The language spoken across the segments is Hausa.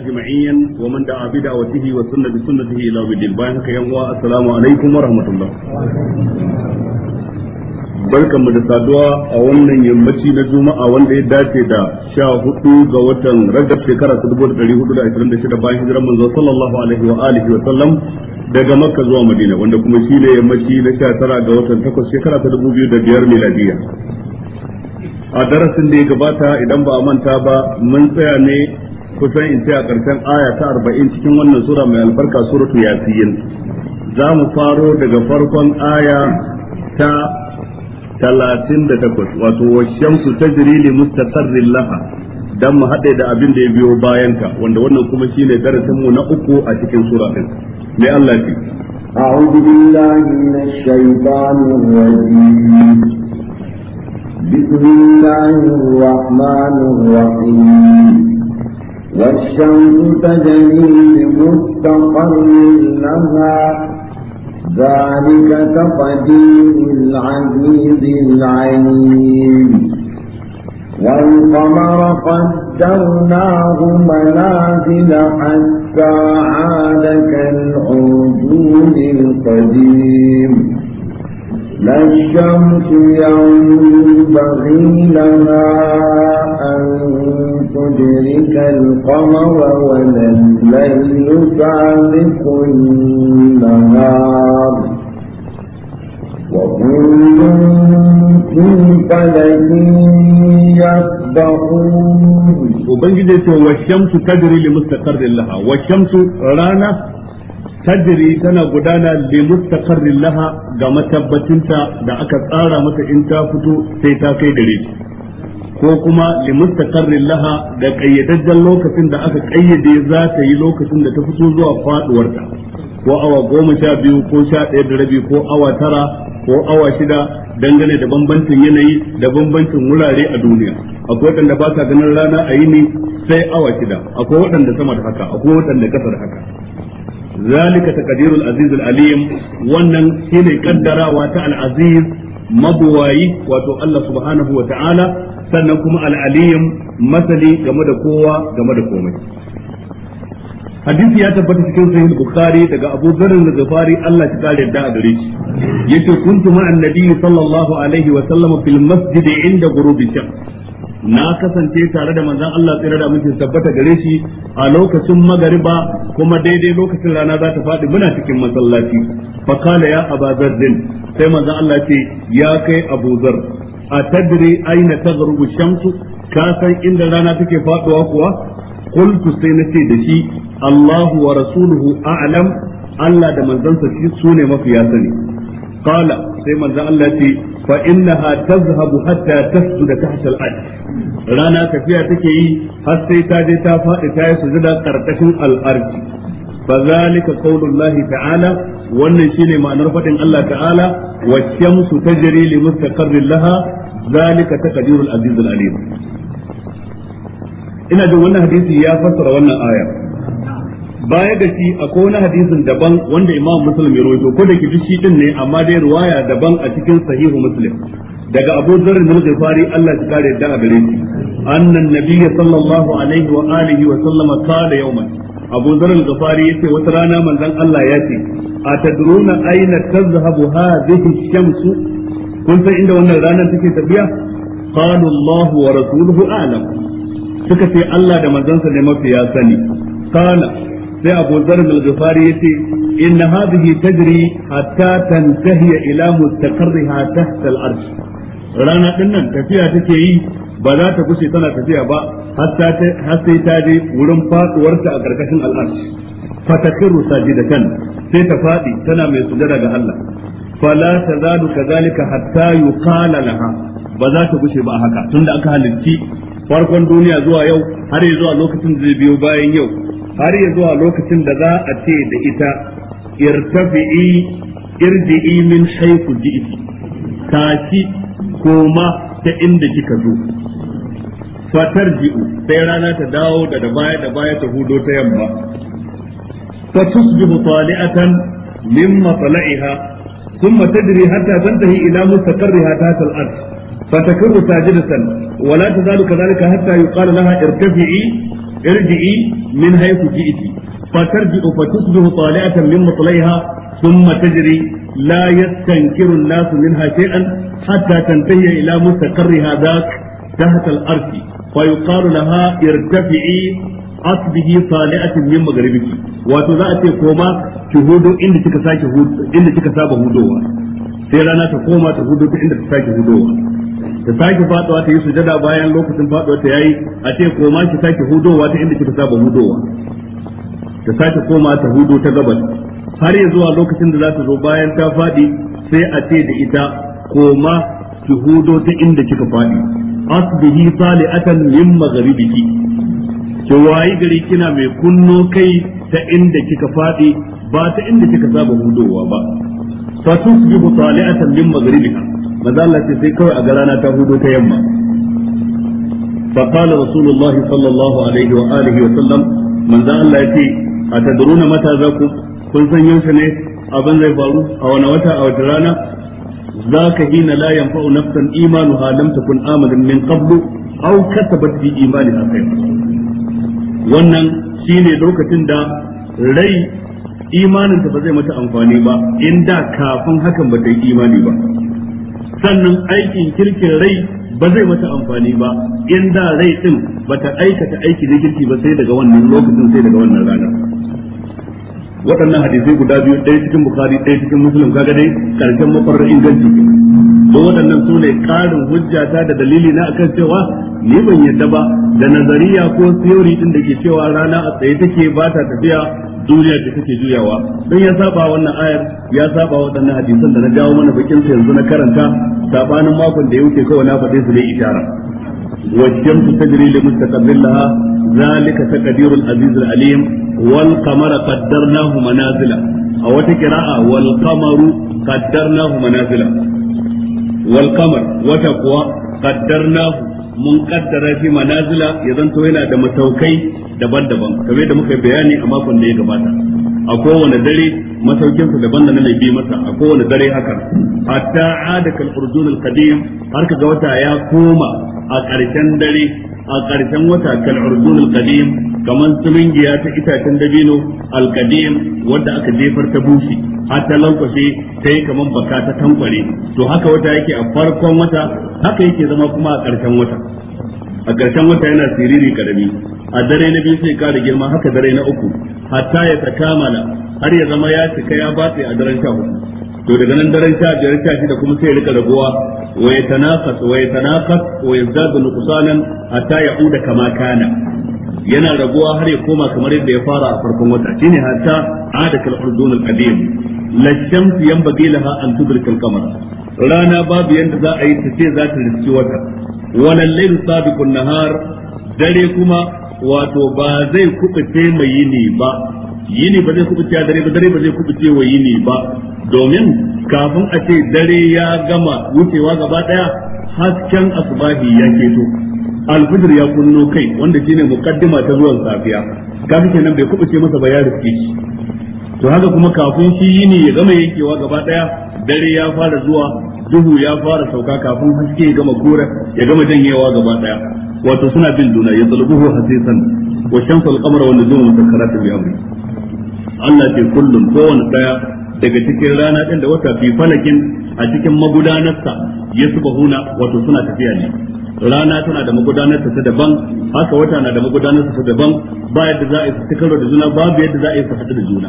أجمعين ومن دعا بدعوته وسنة سنته إلى يوم الدين بارك السلام عليكم ورحمة الله barkan mu da saduwa a wannan yammaci na juma'a wanda ya dace da sha hudu ga watan rajab shekara ta dubu dari hudu da ashirin da shida bayan hijiran manzo sallallahu alaihi wa alihi wa sallam daga makka zuwa madina wanda kuma shi ne yammaci na sha tara ga watan takwas shekara ta dubu biyu da biyar miladiya a darasin da ya gabata idan ba a manta ba mun tsaya ne kusan in ce a ƙarshen aya ta arba'in cikin wannan sura mai albarka suratu yasin za mu faro daga farkon aya ta talatin da takwas wato washamsu ta li mustaqarrin laha dan mu haɗe da abin da ya biyo bayanta wanda wannan kuma shine darasin mu na uku a cikin sura din mai Allah ce أعوذ بالله من الشيطان الرجيم بسم الله الرحمن الرحيم والشمس تجري لمستقر لها ذلك تقدير العزيز العليم والقمر قدرناه منازل حتى عاد كالعرجون القديم لا الشمس ينبغي لها أن تدرك القمر ولا الليل سابق النهار وكل في فلك يسبحون وبنجد والشمس تجري لمستقر لها والشمس رانا tajiri tana gudana li mustaqarrin laha ga matabbacinta da aka tsara mata in ta fito sai ta kai dare, ko kuma li mustaqarrin laha ga kayyadajjen lokacin da aka kayyade za ta yi lokacin da ta fito zuwa faduwarta ko awa goma sha biyu ko sha ɗaya da rabi ko awa tara ko awa shida dangane da bambancin yanayi da bambancin wurare a duniya akwai waɗanda ba sa ganin rana a yini sai awa shida akwai waɗanda sama da haka akwai waɗanda ƙasa haka zalika taqdirul aziz al alim wannan shine kaddarawa ta al aziz mabuwayi wato Allah subhanahu wa ta'ala sannan kuma al alim masali game da kowa game da komai hadisi ya tabbata cikin sahih bukhari daga abu zarin da zafari Allah ya kare da a gare shi yace kuntu sallallahu alaihi wa sallam fil masjid inda ghurubi shams na kasance tare da manzan Allah tsira da muke tabbata gare shi a lokacin magariba kuma daidai lokacin rana za ta faɗi muna cikin masallaci fa Kala ya abazar din sai manzon Allah ce ya kai abuzar a tadri aina taghrubu shamsu ka san inda rana take faɗuwa kuwa qultu sai ce da shi Allahu wa rasuluhu a'lam Allah da manzansa shi sune mafiya sani qala sai manzan Allah ce fa innaha tazhabu hatta tasjuda tahta al-arsh rana tafiya take yi har sai ta je ta faɗi ta yi sujuda karkashin al-arsh فذلك قول الله تعالى wannan shine ma'anar faɗin Allah ta'ala wa shamsu tajri li mustaqarrin laha zalika taqdirul azizul alim ina jin wannan hadisi ya fassara wannan aya baya ga shi akwai wani hadisin daban wanda imam muslim ya rojo ko da ke shi din ne amma dai ruwaya daban a cikin sahihu muslim daga abu zarri na fari Allah ya kare da gare shi annan nabiyyi sallallahu alaihi wa alihi wa sallama qala yawman abu zarri ya yace wata rana manzon Allah ya ce A na aina tazhabu hadhihi shamsu kun san inda wannan ranar take tafiya qalu Allah wa rasuluhu a'lam suka ce Allah da manzansa ne mafi ya sani qala sai Abu Dharr al-Ghifari yace inna hadhihi tajri hatta tantahi ila mustaqarriha tahta al-arsh rana din nan tafiya take yi ba za ta kushe tana tafiya ba har sai ta je wurin faduwarta a karkashin al'arsh fatakiru sajidatan sai ta fadi tana mai sujada ga Allah fala tazadu kadhalika hatta yuqala laha ba za ta gushe ba haka tunda aka halicci farkon duniya zuwa yau har zuwa lokacin da zai biyo bayan yau har ya zuwa lokacin da za a ce da ita irtafi'i irji'i min haifu ji'iti tashi koma ta inda kika zo fatar ji'u sai rana ta dawo da da baya da baya ta hudo ta yamma fa tusbihu tali'atan min matla'iha ثم تدري حتى تنتهي إلى مستقرها تحت الأرض فتكون ساجدة ولا تزال كذلك حتى يقال لها ارتفعي ارجعي من حيث جئتي فترجع فتصبح طالعة من مطلعها ثم تجري لا يستنكر الناس منها شيئا حتى تنتهي إلى مستقرها ذاك تحت الأرض فيقال لها ارتفعي asbihi sali'atin min magharibiki wato za a ce koma ki hudo inda kika sake hudo inda kika saba hudowa sai rana ta koma ta hudo ta inda ta sake faduwa ta yi sujada bayan lokacin faduwa ta yayi a ce koma ki sake hudowa ta inda kika saba hudowa ta sake koma ta hudo ta gabas har ya zuwa lokacin da za ta zo bayan ta fadi sai a ce da ita koma ki hudo ta inda kika fadi asbihi salihatan min magharibiki ki wayi gari kina mai kunno kai ta inda kika fadi ba ta inda kika saba hudowa ba fa tusbihu a min maghribiha maza Allah ce sai kawai a ga rana ta hudo ta yamma fa qala rasulullah sallallahu alaihi wa alihi wa sallam manzo Allah yace atadruna mata za ku kun san yaushe ne abin zai faru a wani wata a wata rana ذاك حين لا ينفع نفسا إيمانها لم تكن آمنا من قبل أو كسبت في إيمانها خيرا wannan shine lokacin da rai imanin ta ba zai mata amfani ba in da kafin hakan ba ta yi imani ba sannan aikin kirkin rai ba zai mata amfani ba in da rai din ba ta aikata aiki na kirki ba sai daga wannan lokacin sai daga wannan ranar waɗannan hadisai guda biyu ɗaya cikin bukari ɗaya cikin musulun kaga dai ƙarshen mafarar inganci to waɗannan su ne ƙarin hujjata da dalili na akan cewa ni ban yadda ba da nazariya ko theory din da ke cewa rana a tsaye take ba ta tafiya duniya da take juyawa don ya saba wannan ayar ya saba waɗannan hadisan da na jawo mana bakin sa yanzu na karanta sabanin makon da ya wuce kawai na faɗe su ne ishara والشمس zalika taqdirul azizul alim wal qamara qaddarnahu manazila wata منازلا a wal qamaru qaddarnahu manazila wal wata kuwa qaddarnahu mun kaddara shi manazila ya zanto yana da masaukai daban-daban game da muka bayani a makon da ya gabata a kowane dare masaukinsa daban da na mai bi masa a kowane dare haka hatta ada kal urdun al qadim har wata ya koma a ƙarshen dare a ƙarshen wata kal urdun al qadim kaman sumingiya ta itacen dabino al qadim wanda aka jefar ta bushi har ta lankwashe ta yi kamar baka ta tankware to haka wata yake a farkon wata haka yake zama kuma a ƙarshen wata a ƙarshen wata yana siriri karami a dare na biyu sai ƙara girma haka dare na uku hatta ya kamala har ya zama ya cika ya batse a daren sha hudu to daga nan daren sha biyar sha shida kuma sai ya rika raguwa wa ya tanafas wa ya tanafas wa ya zaga nuqsanan hatta ya uda kama kana yana rabuwa har ya koma kamar yadda ya fara a farkon wata shine hatta kal urdun al-qadim la shamsu yanbaghi laha an tudrika al-qamar rana babu yanda za a yi ta ce za ta riski wata wala layl sabiqun nahar dare kuma wato ba zai kubuce mai yini ba yini ba zai kubuce dare ba dare ba zai kubuce wa yini ba domin kafin a ce dare ya gama wucewa gaba daya hasken asubahi ya keto alfijir ya kunno kai wanda shine mukaddima ta zuwan safiya kafin kenan bai kubuce masa ba ya shi to haka kuma kafin shi yini ya gama yankewa gaba daya dare ya fara zuwa duhu ya fara sauka kafin haske ya gama kura ya gama janyewa gaba daya wato suna bin juna ya zalbuhu hasisan wa shamsul qamara wa nujumu musakkaratun bi amri Allah ke kullum kowanne daya daga cikin rana ɗin da wata biyu falakin a cikin magudanarsa ya huna wato suna tafiya ne rana tana da magudanarsa ta daban haka wata na da magudanarsa ta daban ba yadda za a yi su karo da juna babu yadda za a yi su haɗu da juna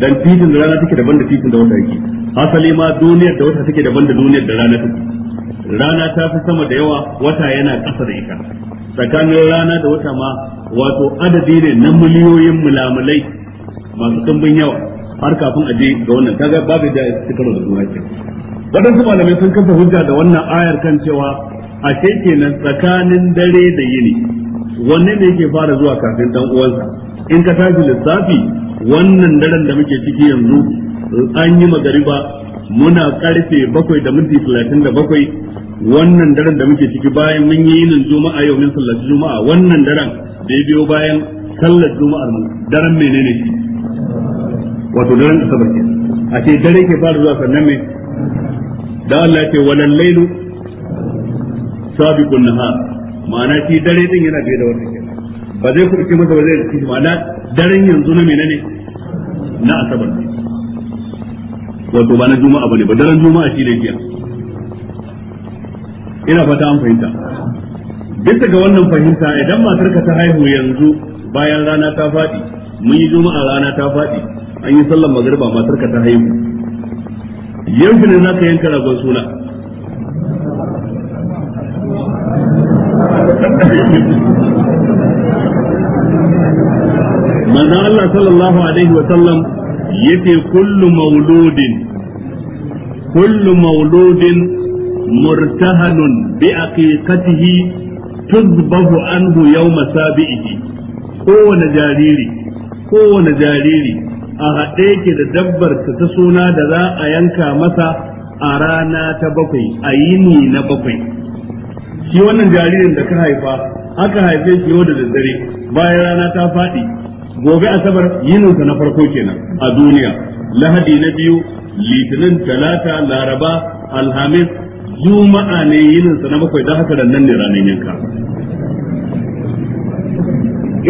dan titin da rana take daban da titin da wata yake asali ma duniyar da wata take daban da duniyar da rana take rana ta fi sama da yawa wata yana ƙasa da ita tsakanin rana da wata ma wato adadi ne na miliyoyin mulamulai masu ɗumbin yawa har kafin a je ga wannan kaga babu da ta karo da juna ke Waɗansu malamai sun kafa hujja da wannan ayar kan cewa a ke kenan tsakanin dare da yini wanne ne yake fara zuwa kafin dan uwansa in ka tashi lissafi wannan daren da muke ciki yanzu an yi ba, muna karfe bakwai da minti talatin da bakwai wannan daren da muke ciki bayan mun yi yinin juma'a yau min sallar juma'a wannan daren da ya biyo bayan sallar juma'ar mu daren menene wato daren asabar ke a ce dare ke fara zuwa sannan me da Allah ce walal lailu sabiqun nahar ma'ana shi dare din yana biye da wannan ke ba zai kurce masa ba zai ci ma'ana daren yanzu na menene na asabar ne wato ba na juma'a bane ba daren juma'a shi ne jiya ina fata an fahimta bisa ga wannan fahimta idan ka ta haihu yanzu bayan rana ta faɗi mun yi juma'a rana ta faɗi an yi sallan magariba matar ka ta haihu yanzu ne zaka yanka ragon suna manzon Allah sallallahu alaihi wa sallam yace kullu mauludin kullu mauludin murtahanun bi aqiqatihi tuzbahu anhu yawma sabihi kowane jariri kowane jariri a haɗe yake da dabbar ta suna da za a yanka masa a rana ta bakwai a yini na bakwai shi wannan jaririn da ka haifa aka haife shi yau da daddare bayan rana ta faɗi gobe asabar yininsa na farko kenan a duniya lahadi na biyu litinin talata laraba alhamis juma'a ne yininsa na bakwai don haka da nan ne ranar yanka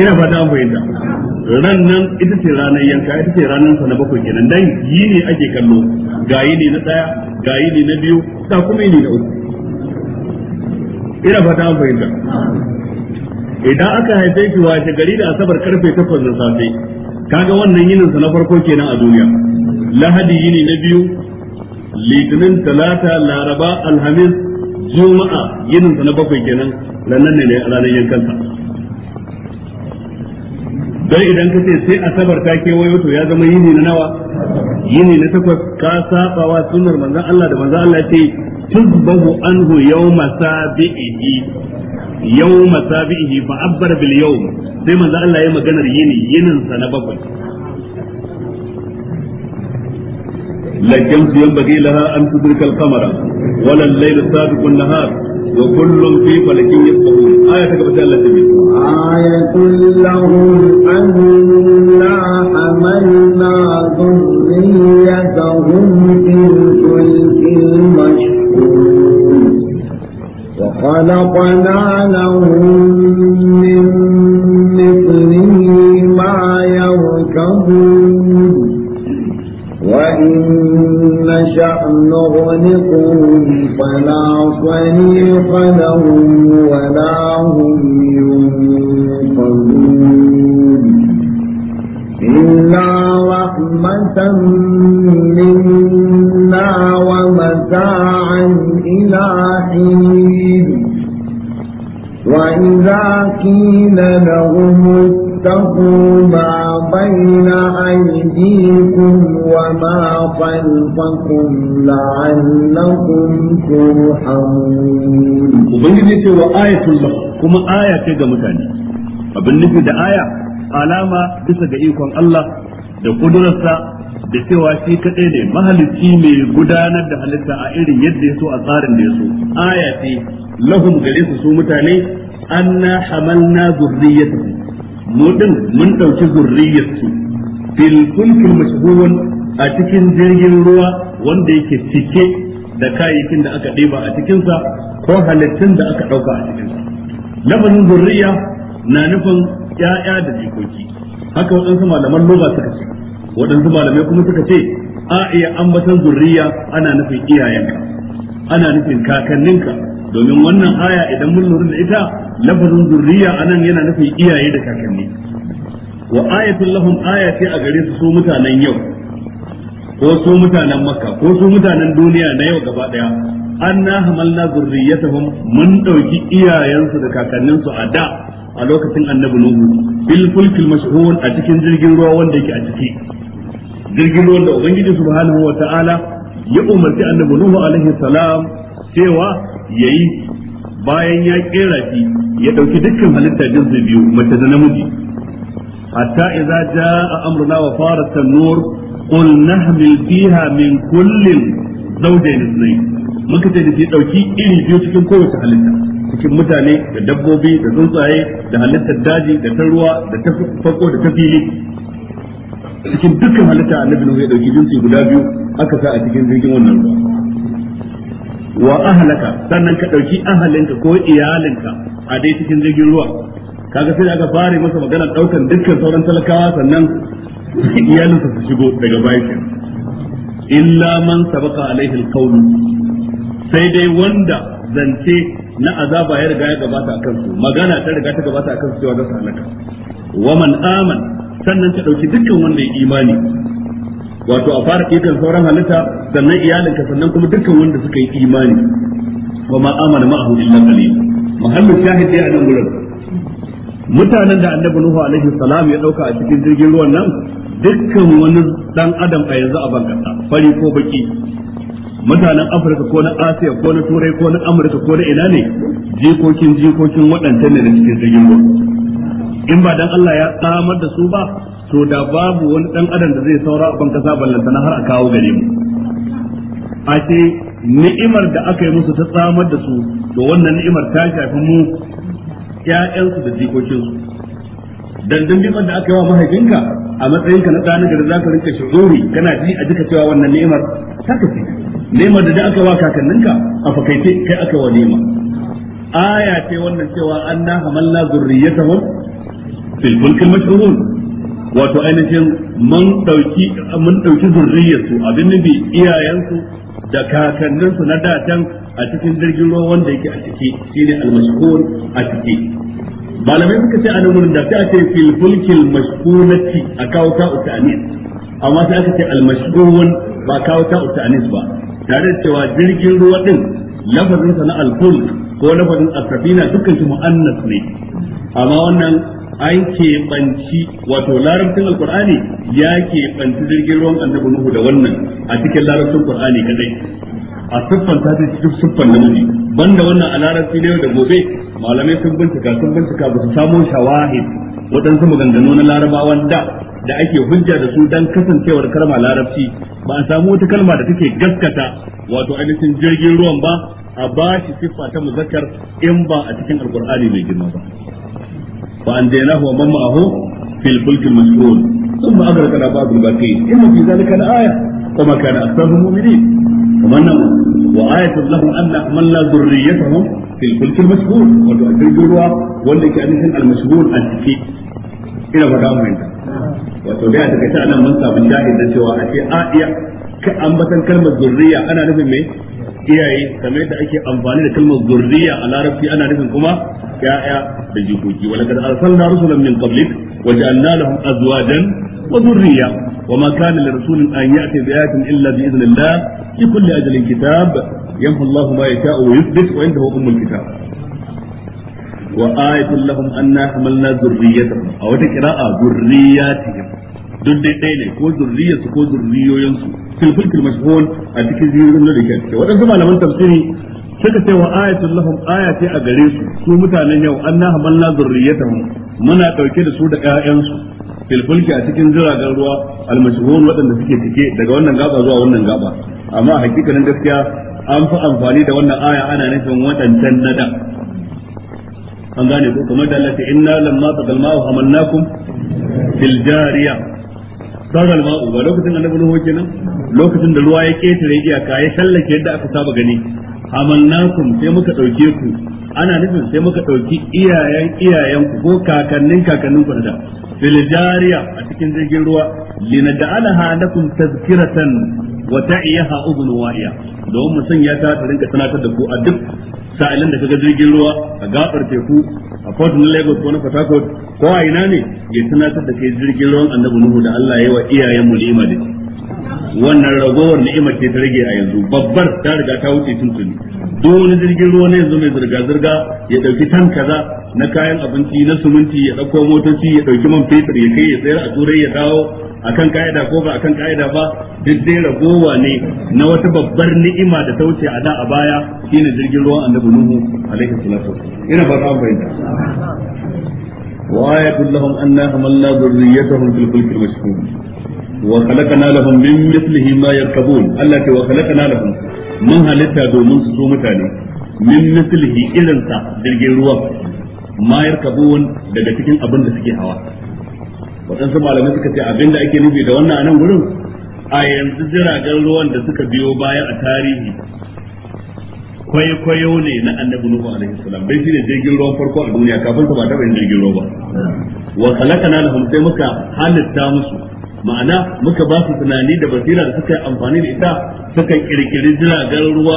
ina fata an fahimta ran nan ita ce ranar yanka ita ce ranar sa na bakwai kenan dan yini ake kallo ga yini na daya ga yini na biyu ga kuma yini na uku ina fata an fahimta idan aka haife wa washe gari da asabar karfe 8 na safe kaga wannan yinin sa na farko kenan a duniya lahadi yini na biyu litinin talata laraba alhamis juma'a yinin sa na bakwai kenan lannan ne ranar yankansa don idan ka ce sai asabar ta kewayo to ya zama yini na nawa yini na takwas ka saba wa sunnar manzon Allah da manzon Allah ce tuzbahu anhu yawma sabihi yawma sabihi fa abbar bil yawm sai manzon Allah ya maganar yini yinin sa na bakwai la jamsu yanbaghi laha an tudrika al-qamara wala al-layl sabiqu an-nahar wa kullum fi aya ta gaba Allah ta bi ayatul anna fil نشأ نغرقهم فلا صريخ لهم ولا هم ينقذون إلا رحمة منا ومتاعا إلى حين وإذا قيل لهم اتقوا ما بين أيديكم وما خلفكم لعلكم ترحمون وبنجي وآية الله كما آية كما تاني abin da aya alama bisa ga ikon Allah da kudurarsa da cewa shi kaɗai ne mahalicci mai gudanar da halitta a irin yadda ya so a tsarin da ya so aya ce lahum gare su su mutane anna hamalna zurriyatuhum mu din mun dauki zurriyar su fil kulkil mashhun a cikin jirgin ruwa wanda yake cike da kayayyakin da aka ɗeba a cikinsa ko halittun da aka ɗauka a sa lafazin zurriya na nufin ƴaƴa da jikoki haka waɗansu malaman lugha suka ce waɗansu malamai kuma suka ce a iya ambatan zurriya ana nufin iyayenka ana nufin kakanninka domin wannan aya idan mun lura da ita lafazin zurriya anan yana nufin iyaye da kakanni wa ayatul lahum aya ce a gare su su mutanen yau ko su mutanen makka ko su mutanen duniya na yau gaba daya anna hamalna zurriyatahum mun dauki iyayensu da kakanninsu a da a lokacin annabi nuhu bil fulkil mashhur a cikin jirgin ruwa wanda yake a ciki jirgin ruwan da ubangiji subhanahu wa ta'ala ya umarci annabi nuhu alaihi salam cewa yayi bayan ya kera shi ya dauki dukkan halitta jinsi biyu mace da namiji hatta idza jaa amruna wa farat an-nur qul nahmil fiha min kullin zawjayn ithnayn muka ce da shi dauki iri biyu cikin kowace halitta cikin mutane da dabbobi da tsuntsaye da halittar daji da ta ruwa da ta fako da ta fili cikin dukkan halitta annabi nuhu ya dauki jinsi guda biyu aka sa a cikin jirgin wannan ruwa wa ahlaka sannan ka dauki ahalinka ko iyalinka a dai cikin jirgin ruwa kaga sai aka fara masa magana daukan dukkan sauran talakawa sannan iyalinsa su shigo daga bayan illa man sabaka alaihi alqawl sai dai wanda zance na azaba ya riga ya gabata a kansu, magana ta riga ta gabata a kansu cewa za su halaka wa man aman sannan ka dauki dukkan wanda ya imani wato a fara kitan sauran halitta sannan iyalinka sannan kuma dukkan wanda suka yi imani wa ma amana ma'ahu illa qalil muhammad shahid dai a nan gurin mutanen da annabi nuhu alaihi salam ya dauka a cikin jirgin ruwan nan dukkan wani dan adam a yanzu a bankasa fari ko baki mutanen afirka ko na asiya ko na turai ko na amurka ko na ina ne jikokin jikokin waɗancan ne da cikin jirgin ruwa in ba dan Allah ya tsamar da su ba to da babu wani dan adam da zai saura ban kasa ballantana har a kawo gare mu a ce ni'imar da aka yi musu ta tsamar da su to wannan ni'imar ta shafi mu ƴaƴansu da jikokinsu dan dindimar da aka yi wa mahaifinka a matsayinka na ɗan gari za ka rinka shuhuri kana ji a duka cewa wannan ni'imar ta kace ni'imar da aka wa kakanninka a fakaice kai aka wa ni'ima aya ce wannan cewa anna hamalla zurriyatahum fil fulkil mashhurun wato ainihin mun dauki mun dauki zurriyar su abin nabi iyayen su da kakannin su na datan a cikin jirgin ruwa wanda yake a ciki shine al mashkur a ciki malamai suka ce anan wurin da sai ce fil fulkil mashkunati a kawo utanis amma sai aka ce al-mashhur ba kawo ta utanis ba tare da cewa jirgin ruwa din lafazin sa na al-fulk ko lafazin as-safina dukkan su mu'annas ne amma wannan an keɓanci wato larabcin alkur'ani ya keɓanci jirgin ruwan annabi nuhu da wannan a cikin larabcin alkur'ani kadai a siffan ta cikin siffan namiji banda wannan a larabci yau da gobe malamai sun bincika sun bincika ba su samo shawahid waɗansu maganganu na larabawan da da ake hujja da su dan kasancewar kalma larabci ba a samu wata kalma da take gaskata wato ainihin jirgin ruwan ba a ba shi siffa ta muzakkar in ba a cikin alkur'ani mai girma ba فأنجيناه ومن معه في الفلك المشحون ثم أغرقنا بعض الباقين إن في ذلك لآية وما كان أكثرهم مؤمنين ومن وآية لهم أن أحملنا ذريتهم في الفلك المشحون وتؤدي جلوة واللي كان المشحون التكي ina fata mun fahimta wato dai a takaice anan mun samu shahid da cewa a ce a iya ambatan kalmar zurriya ana nufin me iyaye kamar yadda ake amfani da kalmar zurriya a larabci ana nufin kuma ya'ya da jikoki wala kad arsalna rusulan min qablik wa ja'alna lahum azwajan wa dhurriya wa ma kana li rasulin an ya'ti bi ayatin illa bi idhnillah fi kulli ajalin kitab yamhu Allahu ma yasha'u wa yuthbit wa indahu ummul kitab wa ayatun lahum anna hamalna dhurriyyatahum aw ta qira'a dhurriyyatihim duk dai ɗaya ne ko zurriyar ko zurriyoyin su filfil fil mashhul a cikin zirin da ke cikin waɗansu malaman tafsiri suka ce wa ayatul lahum ayati a gare su su mutanen yau anna hamalna zurriyatahum muna ɗauke da su da ƴaƴansu filfilki a cikin jiragen ruwa almashhul waɗanda suke cike daga wannan gaba zuwa wannan gaba amma a hakikanin gaskiya an fi amfani da wannan aya ana nufin waɗancan nada an gane ko kamar da Allah ta inna lamma taqalma wa hamalnakum fil jariya sagal ma'u ba lokacin annabi nuhu kenan lokacin da ruwa ya ketare iyaka ya sallake yadda aka saba gani amannakum sai muka dauke ku ana nufin sai muka dauki iyayen iyayen ku ko kakannin kakannin ku da filjariya a cikin jirgin ruwa alaha lakum tazkiratan wa ta'iyaha ubnu wa'iya don mu sanya ta ta rinka sanatar da ku a duk sa'ilin da kaga jirgin ruwa a gabar teku a port na Lagos ko na Port Harcourt ko a ina ne ya sanatar da kai jirgin ruwan Annabi Nuhu da Allah ya yi wa iyayen mu ni'ima da shi wannan ragowar ni'imar ce ta rage a yanzu babbar ta riga ta wuce tun duk wani jirgin ruwa ne yanzu mai zirga zirga ya ɗauki tan kaza na kayan abinci na suminti ya dauko motoci ya ɗauki man fetur ya kai ya tsayar a turai ya dawo akan ka'ida ko ba akan ka'ida ba duk dai ragowa ne na wata babbar ni'ima da ta wuce a da a baya shi ne jirgin ruwa annabi nuhu alaihi salatu ina ba ta wa وآية لهم أنا حملنا ذريتهم في الفلك المشحون wa khalaqna lahum min mithlihi ma yarkabun Allah ce wa khalaqna lahum mun halitta domin su so mutane min mithlihi irin sa jirgin ruwa ma yarkabun daga cikin abin da suke hawa waɗansu malamai suka ce abin da ake nufi da wannan a nan gurin a yanzu jiragen ruwan da suka biyo baya a tarihi kwaikwayo ne na annabi nuhu alaihi salam bai shine jirgin ruwan farko a duniya kafin ta ba taba yin jirgin ruwa ba wa khalaqana lahum sai muka halitta musu ma'ana muka ba su tunani da basira da suka amfani da ita suka kirkiri jiragen ruwa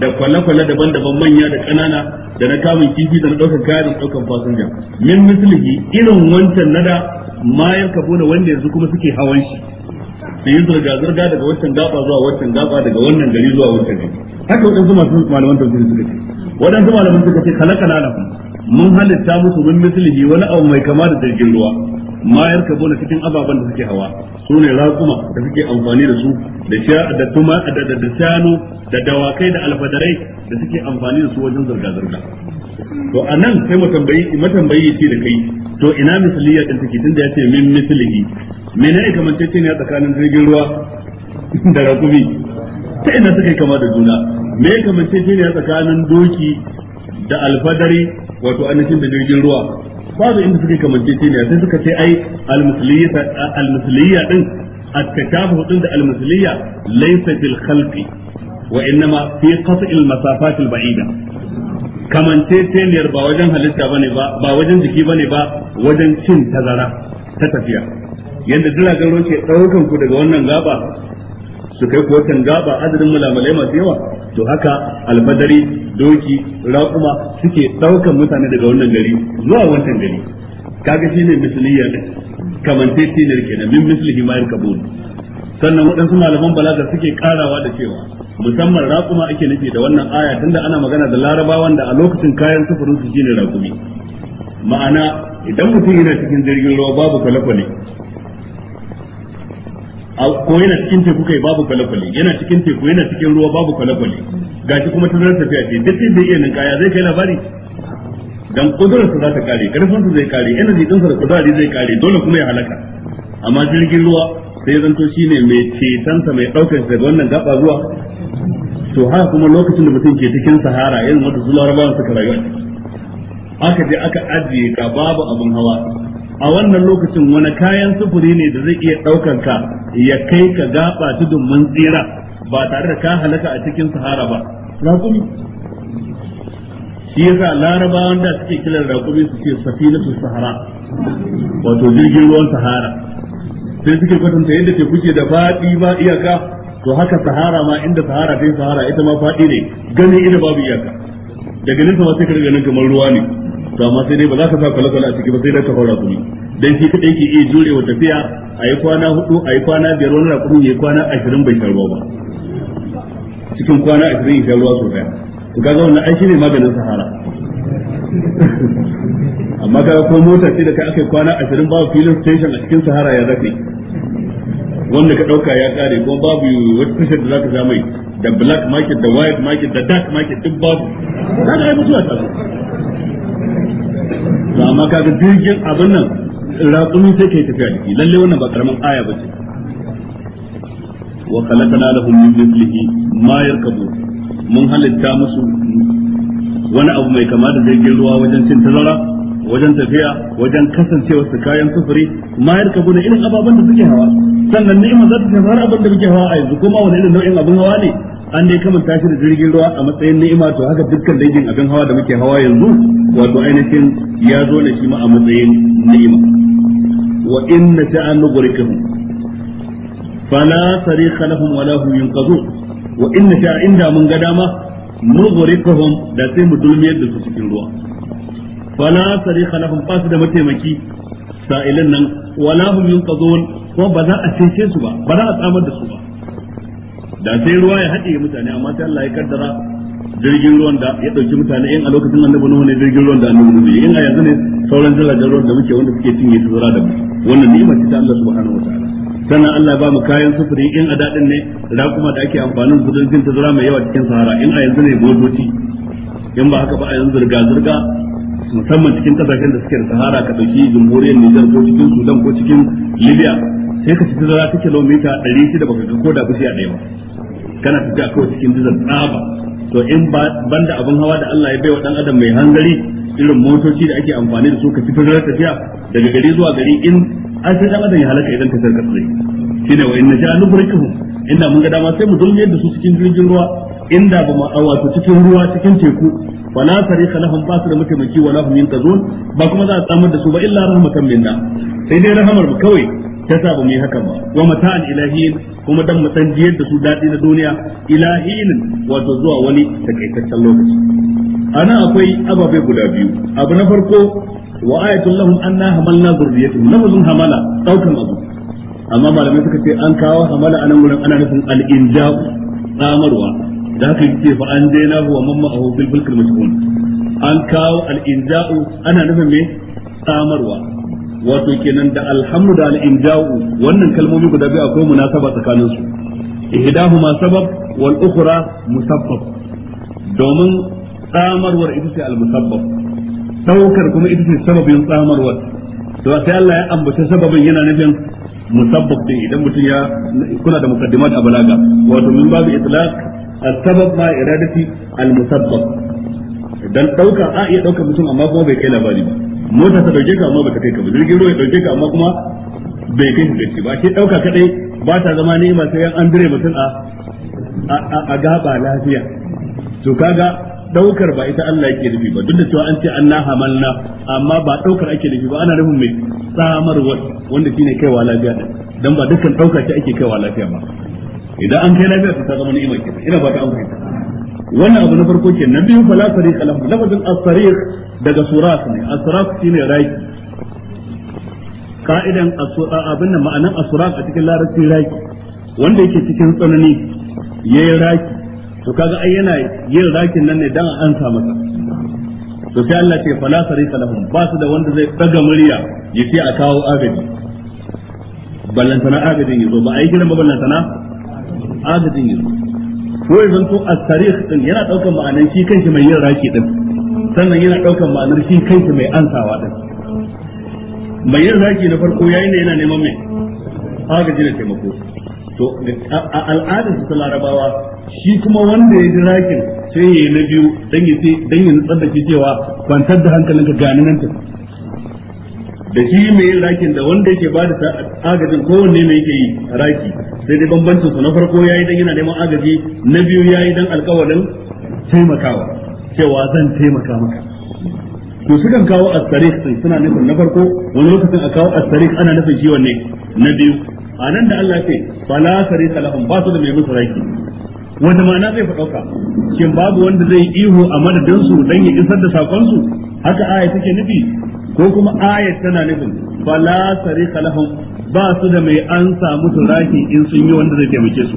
da kwale-kwale daban-daban manya da ƙanana da na kamun kifi da na ɗaukar kaya da ɗaukar fasinja min mislihi irin wancan nada ma buna wanda yanzu kuma suke hawan shi su yi zirga-zirga daga wancan gaba zuwa wancan gaba daga wannan gari zuwa wancan gari haka wadansu masu malaman tafsiri suka ce wadansu malaman suka ce khalaqana lakum mun halitta musu min mislihi wani abu mai kama da jirgin ruwa ma yarkabuna cikin ababen da suke hawa su ne raƙuma da suke amfani da su da sha da tuma da da shanu da dawakai da alfadarai da suke amfani da su wajen zirga zirga to anan sai mu tambayi mu tambayi ce da kai to ina misliya din take tunda yace min mislihi menene kamantacce ne tsakanin jirgin ruwa da raƙumi ta ina suka yi kama da juna me ya kamace shi ne tsakanin doki da alfadari wato annashin da jirgin ruwa babu inda suka yi kamance shi ne sai suka ce ai almusuliyya din at-tashabuh da almusuliyya laysa bil khalqi wa innama fi qat'i al-masafat al-ba'ida kamance teniyar ba wajen halitta bane ba ba wajen jiki bane ba wajen cin tazara ta tafiya yadda jiragen ruwa ke ɗaukan ku daga wannan gaba su kai kuwa tangaba adadin mulamalai masu yawa to haka almadari doki raƙuma suke ɗaukan mutane daga wannan gari zuwa wancan gari kaga shine misliya ne kamantetiniyar kenan min mislihi himayar kabul sannan waɗansu malaman balaga suke karawa da cewa musamman raƙuma ake nufi da wannan aya tunda ana magana da larabawan da a lokacin kayan sufurin su shine raƙumi ma'ana idan mutum yana cikin jirgin ruwa babu kwale-kwale ko yana cikin teku kai babu kwale-kwale yana cikin teku yana cikin ruwa babu kwale-kwale shi kuma tazarar tafiya ce duk da iya kaya zai kai labari dan kudurar sa za ta kare karfin sa zai kare energy din sa da kudari zai kare dole kuma ya halaka amma jirgin ruwa sai zanto shine mai cetan sa mai daukar sa daga wannan gaba zuwa to har kuma lokacin da mutum ke cikin sahara irin wanda zuwa rabawan suka rayu aka je aka ajiye ga babu abin hawa a wannan lokacin wani kayan sufuri ne da zai iya ɗaukan ka ya kai ka gaba tudun mun tsira ba tare da ka halaka a cikin sahara ba raƙumi shi yasa larabawan da suke kiran raƙumi su ce safinatu sahara wato jirgin ruwan sahara sai suke kwatanta yadda ke kuke da faɗi ba iyaka to haka sahara ma inda sahara ta yi sahara ita ma faɗi ne ganin ina babu iyaka daga nesa ma sai ka ganin kamar ruwa ne to amma sai dai ba za ka sa kwale-kwale a ciki ba sai dai ka haura kuma dan shi kadai ke iya jurewa tafiya a yi kwana hudu a yi kwana biyar wani rakumin ya yi kwana ashirin bai sha ruwa ba cikin kwana ashirin ya sha ruwa sau daya to kaga wannan an shine maganin sahara amma kaga ko mota ce da kai aka yi kwana ashirin babu filin station a cikin sahara ya zafi wanda ka dauka ya kare ko babu wata tashar da zaka mai da black market da white market da dark market duk babu kaga ai mutuwa ta to amma kaga jirgin abin nan ratsumin sai kai tafiya da shi lalle wannan ba karaman aya ba ce wa khalaqna lahum min mithlihi ma yarkabu mun halitta musu wani abu mai kama da jirgin ruwa wajen cin tazara wajen tafiya wajen kasancewa su kayan sufuri ma yarkabu da irin ababen da suke hawa sannan ni'ima za ta shafi abin da muke hawa a yanzu kuma wani irin nau'in abin hawa ne an dai kamanta shi da jirgin ruwa a matsayin ni'ima to haka dukkan dangin abin hawa da muke hawa yanzu wato ainihin ya zo da shi ma a matsayin ni'ima wa inna ta'an nugrikahum fala tariqa lahum wala hum yunqadun wa inna ta inda mun ga dama nugrikahum da sai mu dulmiyar da su cikin ruwa fala tariqa lahum fasu da mataimaki sa'ilan nan wala hum yunqadun ko ba za a cece su ba ba za a tsamar da su ba da sai ruwa ya haɗe mutane amma sai Allah ya kaddara jirgin ruwan da ya dauki mutane in a lokacin annabi nuhu ne jirgin ruwan da annabi nuhu in a yanzu ne sauran jiragen ruwan da muke wanda suke cinye su zura da mu wannan ni'ima ce ta Allah subhanahu ta'ala sannan Allah ba mu kayan sufuri in a dadin ne raƙuma da ake amfani da gudun jin tazara mai yawa cikin sahara in a yanzu ne motoci in ba haka ba a yanzu zirga zirga musamman cikin kasashen da suke da sahara ka dauki jamhuriyar Nijar ko cikin Sudan ko cikin Libya sai ka ci tazara ta kilomita 600 baka ga ko da bushi a ɗaya ba kana tafiya kawai cikin dizan tsaba to in banda abin hawa da Allah ya bai wa dan adam mai hanzari irin motoci da ake amfani da su ka fito da tafiya daga gari zuwa gari in an sai dan adam ya halaka idan ka sarka tsare shine wa inna ja'alnu burikahum inda mun ga dama sai mu dulmiyar da su cikin jirgin ruwa inda ba wato cikin ruwa cikin teku wala sarika lahum ba su da mataimaki wala hum yunkazun ba kuma za a tsamar da su ba illa rahmatan minna sai dai rahamar mu kawai ta sa ba mu yi haka ba wa mata'an ilahiyin kuma dan mu san da su dadi na duniya ilahiyin wato zuwa wani takaitaccen lokaci ana akwai ababai guda biyu abu na farko wa ayatul lahum anna hamalna zurriyatuhum lafazun hamala daukan abu amma malamai suka ce an kawo hamala anan gurin ana nufin al-injab tsamarwa da haka ce fa an daina huwa mamma a bil fulk al mashhun an kawo al inja'u ana nufin me samarwa wato kenan da alhamdu da al inja'u wannan kalmomi guda biyu akwai munasaba tsakanin su ihdahuma sabab wal ukhra musabbab domin samarwar ita ce al musabbab daukar kuma ita ce sababin samarwar to sai Allah ya ambace sababin yana nufin musabbab din idan mutum ya kuna da muqaddimat a balaga wato min babu itlaq السبب مع إرادة المسبب dan dauka a iya dauka mutum amma kuma bai kai labari ba mota ta dauke ka amma baka kai ka ba jirgin ruwa ya dauke ka amma kuma bai kai ka ba ke dauka kadai ba ta zama ne ma sai an dire mutum a a gaba lafiya to kaga daukar ba ita Allah yake nufi ba duk da cewa an ce Allah hamalna amma ba daukar ake nufi ba ana nufin mai tsamarwar wanda shine kaiwa lafiya dan ba dukkan dauka ce ake kaiwa lafiya ba idan an kai lafiya ta zama ni'ima kenan ina ba ta an fahimta wannan abu na farko ke na biyu fala tariq lahu lafazin as-sariq daga surat ne as-sariq shine raki ka'idan abin nan ma'anan as-sariq a cikin larabci raki wanda yake cikin tsanani yayi raki to kaga ai yana yin rakin nan ne dan an sa masa to sai Allah ce fala sarika lahum ba su da wanda zai daga murya ya ce a kawo agaji ballantana agajin ya ba a yi kiran ba ballantana adadin yanzu ko ya zanto a tarihi din yana daukan ma'anar shi kanshi mai yin raki din sannan yana daukan ma'anar shi kanshi mai ansawa din mai yin raki na farko yayin da yana neman mai agaji da taimako to a al'adar su larabawa shi kuma wanda ya ji rakin sai ya yi na biyu dan ya dan ya nutsar da shi cewa kwantar da hankalinka gani nan tafi da shi mai yin rakin da wanda yake ba da agajin kowanne mai yake yi raki sai dai bambancin su na farko yayi dan yana neman agaji na biyu yayi dan alƙawarin taimakawa cewa zan taimaka maka to sukan kawo astarik sai suna nufin na farko wani lokacin a kawo astarik ana nufin shi wanne na biyu a nan da Allah ce fala sarika lahum ba su da mai musu raki wanda ma'ana zai ɗauka? shin babu wanda zai ihu a madadinsu don ya isar da sakonsu haka aya take nufi ko kuma ayat tana nufin fala sarika lahum ba su da mai ansa musu su raki in sun yi wanda zai taimake su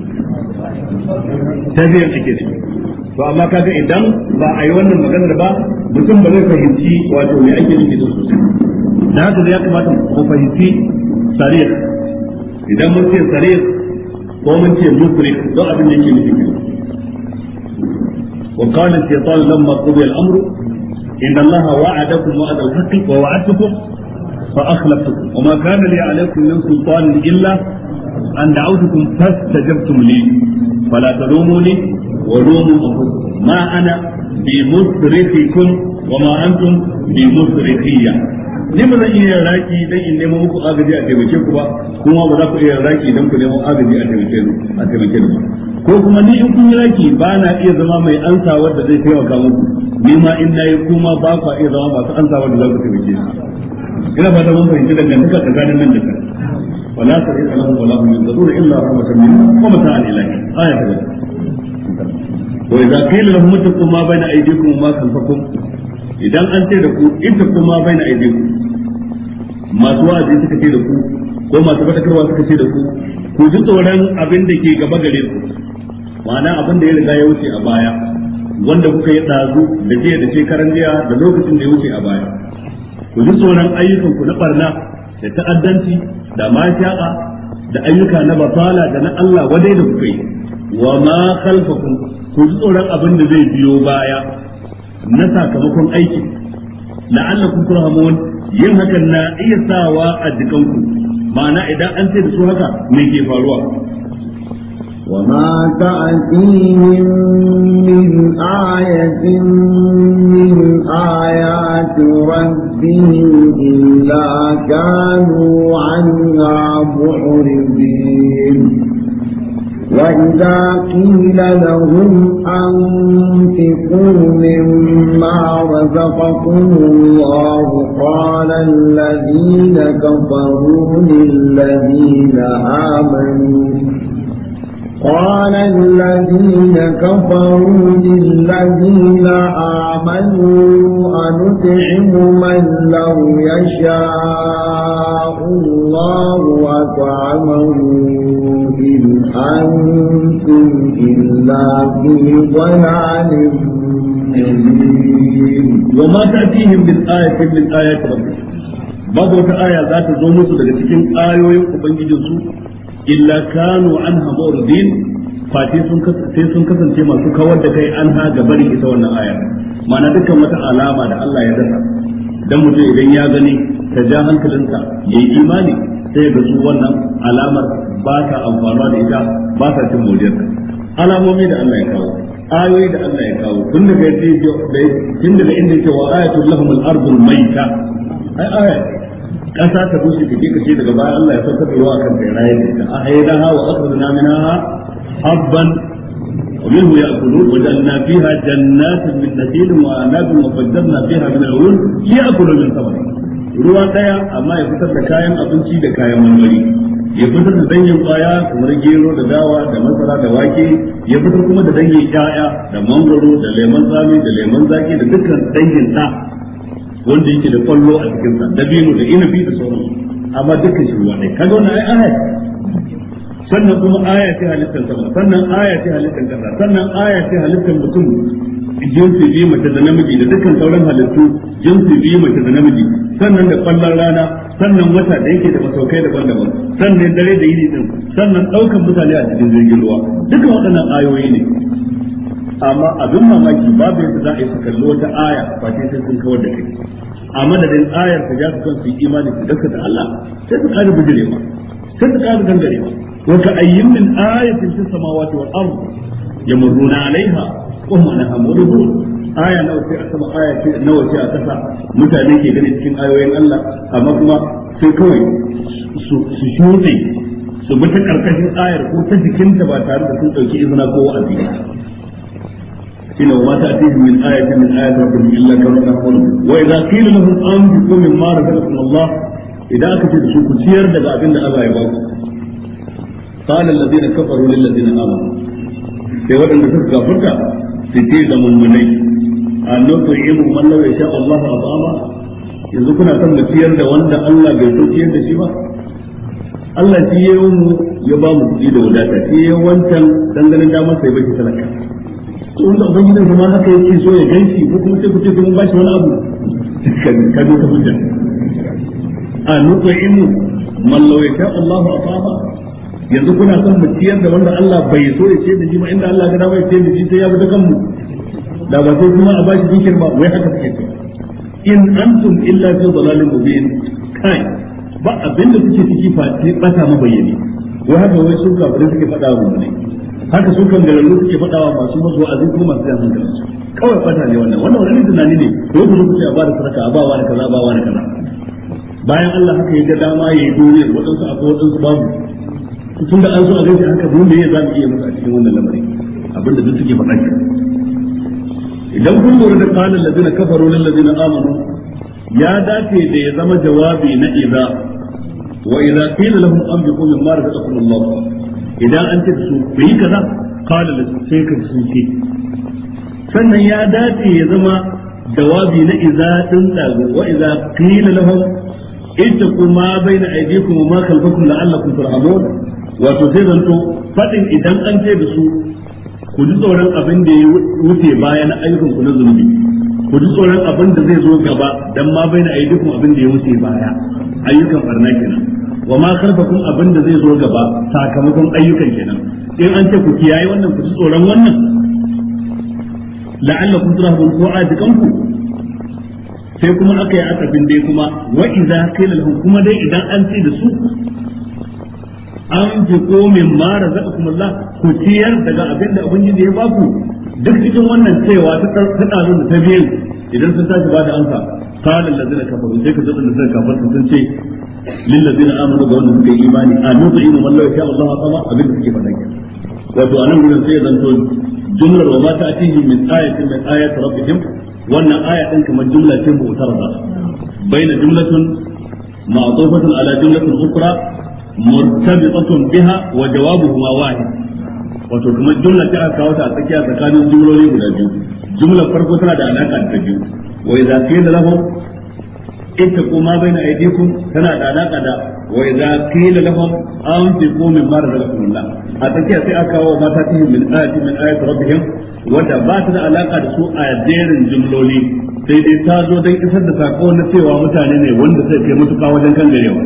tafiyan ake ciki to amma kaga idan ba a yi wannan maganar ba mutum ba zai fahimci wato me ake nufi da sosai da haka ya kamata mu fahimci sarih idan mun ce sarih ko mun ce mukrik don abin da yake nufi wa qala shaytan lamma qudiya al-amru إن الله وعدكم وعد الحق ووعدتكم فأخلفتكم وما كان لي عليكم من سلطان إلا أن دعوتكم فاستجبتم لي فلا تلوموني ولوموا أنفسكم ما أنا بمصرخكم وما أنتم بمصرخية ni ba zan iya raki dan in nemo muku agaji a taimake ku ba kuma ba za ku iya raki dan ku nemo agaji a taimake ku a taimake ku ko kuma ni in kun yi raki ba na iya zama mai ansa wadda zai taimaka muku ni ma in na yi kuma ba ku iya zama masu ansa wadda za ku taimake ni ina fata mun fahimci daga nan, duka tsakanin nan da kan wala ta yi alamu wala mun yin zaɗura illa rahmatan min ko mata an ilahi aya Ko gani wa idza qila kuma ittaqu ma bayna aydikum ma kan khalfakum idan an ce da ku kuma ittaqu ma bayna aydikum masu wa'azi suka ce da ku ko masu fatakarwa suka ce da ku ku ji tsoron abin da ke gaba gare ku ma'ana abin da ya riga ya wuce a baya wanda kuka yi ɗazu da jiya da shekaran jiya da lokacin da ya wuce a baya ku ji tsoron ayyukan ku na barna da ta'addanci da masha'a da ayyuka na basala da na Allah wadai da kuka yi wa ma khalfakum ku ji tsoron abin da zai biyo baya na sakamakon aiki la'allakum turhamun yin hakan na iya sawa a jikanku ma'ana idan an ce da su haka me ke faruwa وما تأتيهم من آية من آيات ربهم إلا كانوا عنها معرضين وإذا قيل لهم أنفقوا مما رزقكم الله قال الذين كفروا للذين آمنوا قال الذين كفروا للذين آمنوا أنطعم من لو يشاء الله أطعمه إن أنتم إلا في ضلال وما تأتيهم من آية من آيات ربهم babu wata aya za ta zo musu daga cikin ayoyin ubangijinsu illa kanu anha mu'ridin fa sai sun kasance masu kawar da kai anha ga bari ita wannan aya ma'ana dukkan wata alama da Allah ya dasa dan mutum idan ya gani ta ja hankalinsa yayi imani sai ga su wannan alamar ba ta amfanuwa da ita ba ta cin moriyarta alamomi da Allah ya kawo ayoyi da Allah ya kawo tun daga yadda tun daga inda ce wa ayatul lahumul ardul maita ai aya kasa ta bushe kake ce daga baya Allah ya san da ruwa kan kai rayu da a hayda ha wa akhrajna minha habban ومنه na وجعلنا فيها جنات من نخيل وأعناب وفجرنا فيها من a ليأكلوا min ثمره ruwa daya amma ya fitar da kayan abinci da kayan marmari ya fitar da dangin kwaya kamar gero da dawa da masara da wake ya fitar kuma da dangin ƴaƴa da mangoro da lemon tsami da lemon zaki da dukkan dangin ta wanda yake da kwallo a cikin sa bino da inabi da sauran amma dukkan shi ruwa ne kaga wannan ai aya sannan kuma aya ce halittar sama sannan aya ce halittar kasa sannan aya ce halittar mutum jinsi biyu mace da namiji da dukkan sauran halittu jinsi biyu mace da namiji sannan da kwallon rana sannan wata da yake da masaukai daban-daban sannan dare da yini din sannan daukan mutane a cikin jirgin ruwa dukkan waɗannan ayoyi ne amma abin mamaki babu yadda za a yi su kalli wata aya ba sai sai sun kawar da kai a madadin ayar ta ja su kan su yi imani su gaskata Allah sai su kare ma, sai su kare dangarewa wa ka ayyin min ayatin fis samawati wal ard yamurruna alaiha wa hum anha muridun aya nawa ce a sama aya ce nawa ce a kasa mutane ke ganin cikin ayoyin Allah amma kuma sai kawai su shuɗe su bi ta karkashin ayar ko ta jikinta ba tare da sun ɗauki izina ko wa'azi إلى وما تأتيهم من آية من آية ربهم إلا كانوا يحفظون وإذا قيل لهم أنفقوا مما رزقكم الله إذا أكتب شكو سير دقا أبن الله يباكم قال الذين كفروا للذين آمنوا sai waɗanda suka gafarta su ce da mummunai a nufin ilmu mallau ya sha Allah a ba'ama yanzu kuna son mu ciyar da wanda Allah bai so da shi ba Allah shi ya yi mu ya ba mu kuɗi da wadata shi ya wancan dangane damar sai bai talaka to wanda ubangijin kuma haka yake so ya ganshi ko kuma sai ku ce kuma bashi wani abu ka zo ta hujja a nutsa'imu man law yasha Allah ataba yanzu kuna son mu ciyar da wanda Allah bai so ya ce da shi ma inda Allah ga dama ya ce da shi sai ya bi kanmu da ba sai kuma a bashi dukiyar ba wai haka take ce in antum illa fi dhalalin mubin kai ba abinda kuke ciki face bata mabayyani wai haka wai su kafirai suke faɗa wa mu ne haka su kan galallu suke faɗawa masu masu wa'azi ko masu yan hankali kawai fata ne wannan wannan wani tunani ne ko ku kuke a bada sadaka, a bawa da kaza a bawa da kaza bayan Allah haka ya ga dama ya yi duniyar, waɗansu a waɗansu babu tun da an zo a gaishe haka ne ya za mu iya musu a cikin wannan lamari abinda duk suke faɗa idan kun lura da qalan ladina kafaru lil ladina amanu ya dace da ya zama jawabi na idza wa idza qila lahum anfiqu mimma razaqakum Allah idan an ce su ku yi kaza qala la sai ka sun ce sannan ya dace ya zama jawabi na iza din dago wa iza qila lahum ittaqu ma baina aydikum wa ma khalfakum la'allakum turhamun wato zai zanto fadin idan an ce da su ku ji tsoron abin da ya wuce baya na ayyukan ku na zunubi ku ji tsoron abin da zai zo gaba dan ma baina aydikum abin da ya wuce baya ayyukan barna kenan wa ma khalfakum abin da zai zo gaba sakamakon ayyukan kenan in an ce ku kiyaye wannan ku ci tsoron wannan la'allakum turhamun ko a jikanku? sai kuma aka yi asabin dai kuma wa idza qila lahum kuma dai idan an ce da su an fi komin mara zaka kuma Allah ku ciyar daga abin da ubangiji ya baku duk cikin wannan cewa ta ɗazu da ta biyan idan sun tashi ba da amsa qala allazina kafaru sai ka zo da suka kafarta sun ce lillazina amanu ga wanda suka yi imani a nutsayin man law sha Allah sama abin da suke faɗa kenan wato anan gurin sai zan to jumlar wa ma ta'tihi min ayatin min ayati rabbihim wannan aya din kamar jumla ce mu'tarada baina jumlatun ma'tufatun ala jumlatin biha wa wato kuma jumla ta aka kawo ta a tsakiya tsakanin jumloli guda biyu jumlar farko tana da alaka da biyu wa idza qila lahum In ta ittaqu ma baina aydikum tana da alaka da wa idza qila lahum anfiqu mimma razaqakumullah a tsakiya sai aka kawo mata ta min ayati min ayati rabbihim wanda ba ta da alaƙa da su a jerin jumloli sai dai ta zo dan isar da sako na cewa mutane ne wanda sai kai mutuka wajen kan garewa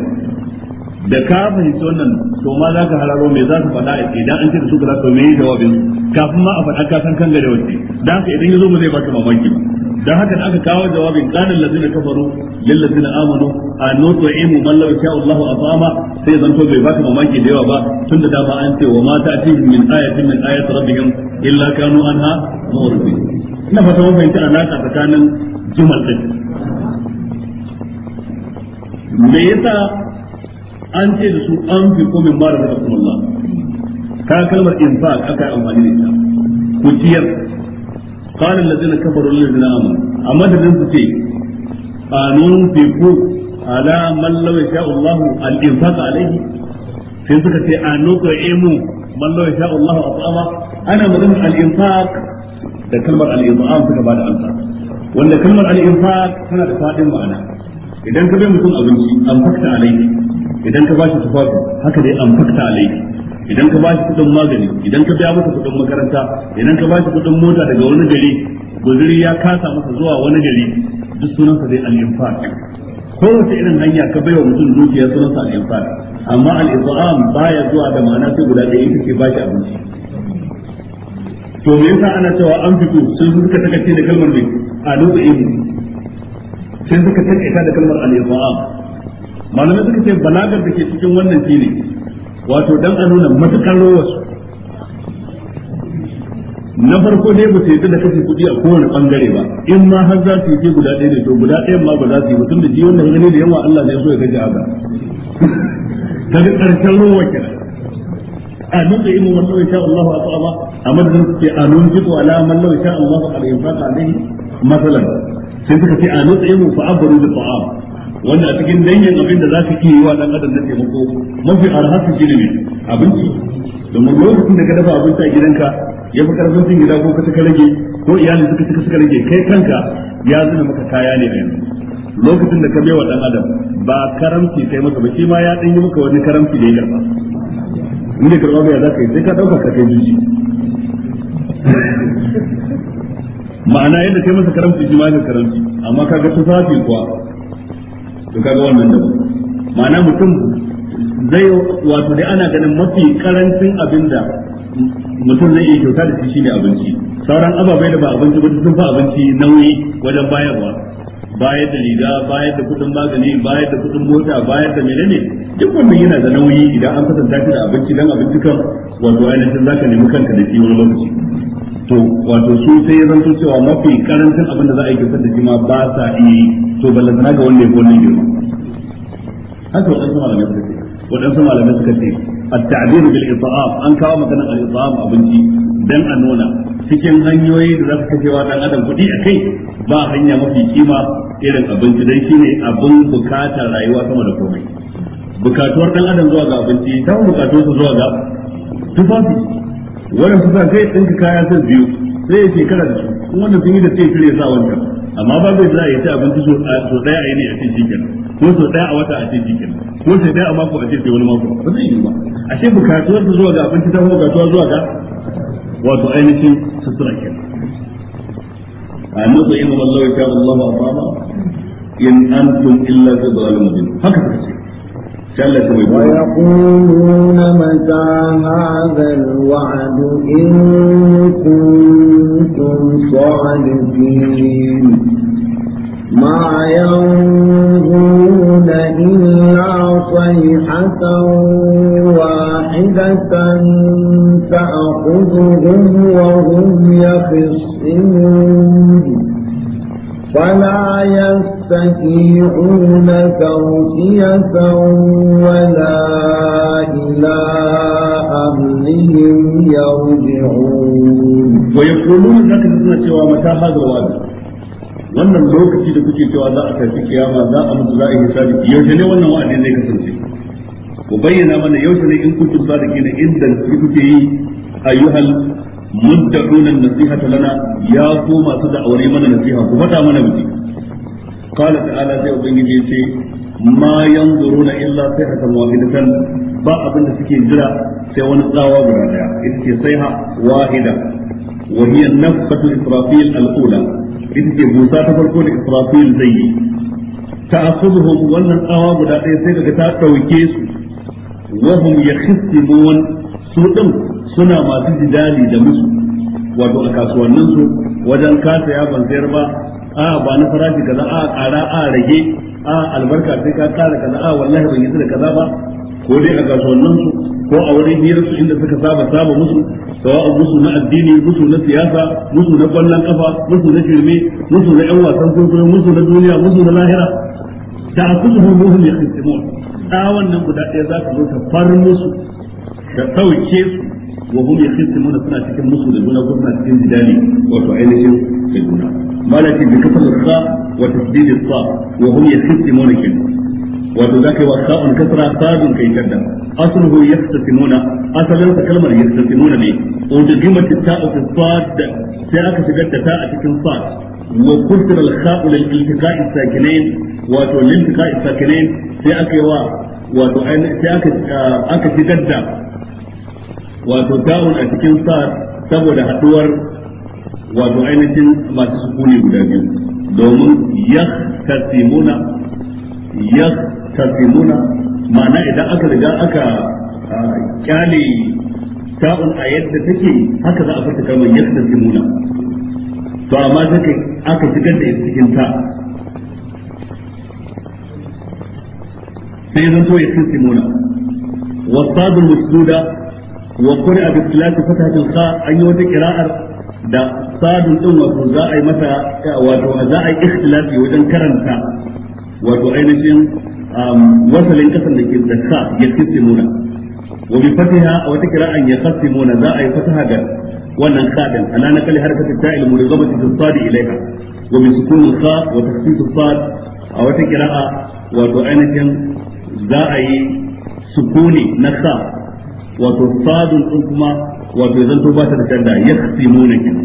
da ka fahimci wannan to ma za ka hararo me za su faɗa idan an ce da su ka za su yi jawabin kafin ma a faɗa ka san kan gare wace da haka idan ya zo mu zai baka mamaki dan haka da aka kawo jawabin qalan ladina kafaru lil ladina amanu a nut'imu man law sha Allah afama sai zanto bai baka mamaki da yawa ba tunda da ba an ce wa ma ta'tihim min ayatin min ayati rabbihim illa kanu anha mu'ridin ina fata mun fahimta alaka tsakanin jumal din me yasa an ce da su an fi ko min bara da Allah ka kalmar infaq aka amfani da ita ku ciyar qala allazina kafaru lil ladina amanu amma da su ce anun fiku ala man law sha Allah al infaq alayhi sai suka ce anuka imu man law sha Allah atama ana da kalmar al suka bada amsa wanda kalmar al tana da fadin ma'ana idan ka bai mutum abinci an fakta alai. idan ka bashi tufafi haka dai an fakta alai. idan ka bashi kudin magani idan ka biya masa kudin makaranta idan ka bashi kudin mota daga wani gari guzuri ya kasa masa zuwa wani gari duk sunansa dai al-infaq ko wace irin hanya ka baiwa mutum dukiya sunansa al-infaq amma al-it'am baya zuwa da ma'ana sai guda ɗaya ita ce bashi abinci to me yasa ana cewa an fito sun suka takace da kalmar ne. al-it'am sun suka takaita da kalmar al izam malamai suka ce balagar da ke cikin wannan shine wato dan a nuna matakan rowarsu na farko dai ba su yi da kashe kuɗi a kowane bangare ba in ma har za su yi guda ɗaya da to guda ɗaya ma ba za su yi ba tunda ji wannan gani da yawa Allah ne so ya gaji haka ga ƙarshen rowa kira a da, imu wa sau insha Allah wa ba, a madadin su ce a nun ala man law insha Allah wa al-infaq sai suka ce a nutsa imu fa da bi wanda a cikin dangin abin da za ka iya yi wa dan adam na taimako mafi arhasu shi ne abinci domin lokacin da ka dafa abinci a gidanka ya fi karfin cin gida ko ka ta rage ko iyalin suka suka suka rage kai kanka ya zuna maka kaya ne a yanzu lokacin da ka bai wa dan adam ba karamci kai masa ba shi ma ya dan yi maka wani karamci da ya karba in da karba bai za ka yi sai ka dauka ka kai jiji ma'ana yadda kai masa karamci shi ma da karamci amma ga tufafi kuwa to kaga wannan da ma'ana mutum zai wato dai ana ganin mafi karancin abinda mutum zai iya kyauta da shi ne abinci sauran ababai da ba abinci ba sun fa abinci nauyi wajen bayarwa bayar da riga bayar da kudin magani bayar da kudin mota bayar da menene duk wannan yana da nauyi idan an kasanta shi da abinci dan abinci kan wato ainihin zaka nemi kanka da shi wani lokaci to wato su sai ya zanto cewa mafi karancin abin da za a yi kyauta da shi ma ba sa iya to ballantana ga wanda ya ko nan girma haka waɗansu malamai suka ce Waɗansu malamai suka ce at-ta'bir bil it'am an kawo maganar al-it'am abinci dan a nuna cikin hanyoyi da za ka kashewa dan adam kuɗi a kai ba hanya mafi kima irin abinci dai shine abin bukatar rayuwa sama da komai bukatuwar dan adam zuwa ga abinci ta bukatuwarsa zuwa ga tufafi wannan kusa kai ɗinka kaya sai biyu sai ya shekara da su wannan sun yi da sai cire sa wancan amma babu yadda za a yi ta abinci so ɗaya a ne a ce shikin ko so ɗaya a wata a ce shikin ko so dai a mako a ce sai wani mako ba zai yi ba a ce bukatuwar su zuwa ga abinci ta kuma bukatuwa zuwa ga wato ainihin sutura kenan a nutsu imam Allah ya sha Allah ba in antum illa fi dhalim haka suka ce ويقولون متى هذا الوعد إن كنتم صادقين ما ينظرون إلا صيحة واحدة تأخذهم وهم يخصمون فلا يستطيعون توصية ولا إلى أهلهم يرجعون ويقولون لك نسمع سوى متى هذا الوعد wannan lokaci da kuke cewa za a tafi kiyama za a mutu za a yi hisabi yaushe ne wannan wa'adin zai kasance ku bayyana mana yaushe ne in kuntum sadiqina inda kuke yi ayyuhal mudda'una nasihata lana ya ku masu da'awar mana nasiha ku faɗa mana miji qala ta'ala sai ubangiji yace ma yanzuruna illa sayhatan wahidatan ba abin da suke jira sai wani tsawa guda daya ita ce sayha wahida wa hiya nafatu israfil al ita ce busa ta farko da israfil zai yi ta'khudhuhum wannan tsawa guda ɗaya sai daga ta ɗauke su wa su ɗin suna masu jidali da musu wato a kasuwannin su wajen kasa ya ban sayar ba a ba na farashi kaza a ƙara a rage a albarka sai ka ƙara kaza a wallahi ban yi da kaza ba ko dai a kasuwannin su ko a wurin hirar su inda suka saba saba musu sawa musu na addini musu na siyasa musu na kwallon kafa musu na shirme musu na yan wasan kwaikwayo musu na duniya musu na lahira ta kuzuhu ruhun ya kristimun a wannan guda ɗaya za ka zo ta far musu da sauke su wa hum yakhsimuna suna cikin musu da juna suna cikin jidali wato ainihin da juna malaki bi kasal sa wa tasdid sa wa hum yakhsimuna kin wato zaka kai wa sa'un kasra sadun kai kadda asluhu yakhsimuna asalin sa kalmar yakhsimuna ne udgimat ta'u fi sad sai aka shigar da ta a cikin sa wa sad وكسر الخاء للالتقاء الساكنين wato لالتقاء الساكنين sai aka yi wa wato sai aka aka shigar wato ta'un a cikin sa saboda haduwar wato ainihin masu sukuni guda biyu domin ya yaktasimuna ma'ana idan aka riga aka kyale ta'un a yadda take haka za a fita kalmar yaktasimuna to amma take aka shigar da cikin ta sai zan so yaktasimuna wasadul musuda wa qur'a bi tilati fatahatil an yi wata qira'ar da sadun din wato za a yi mata wato za a yi ikhtilafi wajen karanta wato ainihin um, wasalin kasan da ke da kha ya kisimuna wa bi fatiha a wata qira'an ya kisimuna za a yi fataha ga wannan kha din ala nakali harkatul ta'il murizabati fi sadi ilaiha a wata qira'a wato ainihin za a yi sukuni na sa. wato sadin din kuma wato zan to ba ta da tanda yaqsimuna kin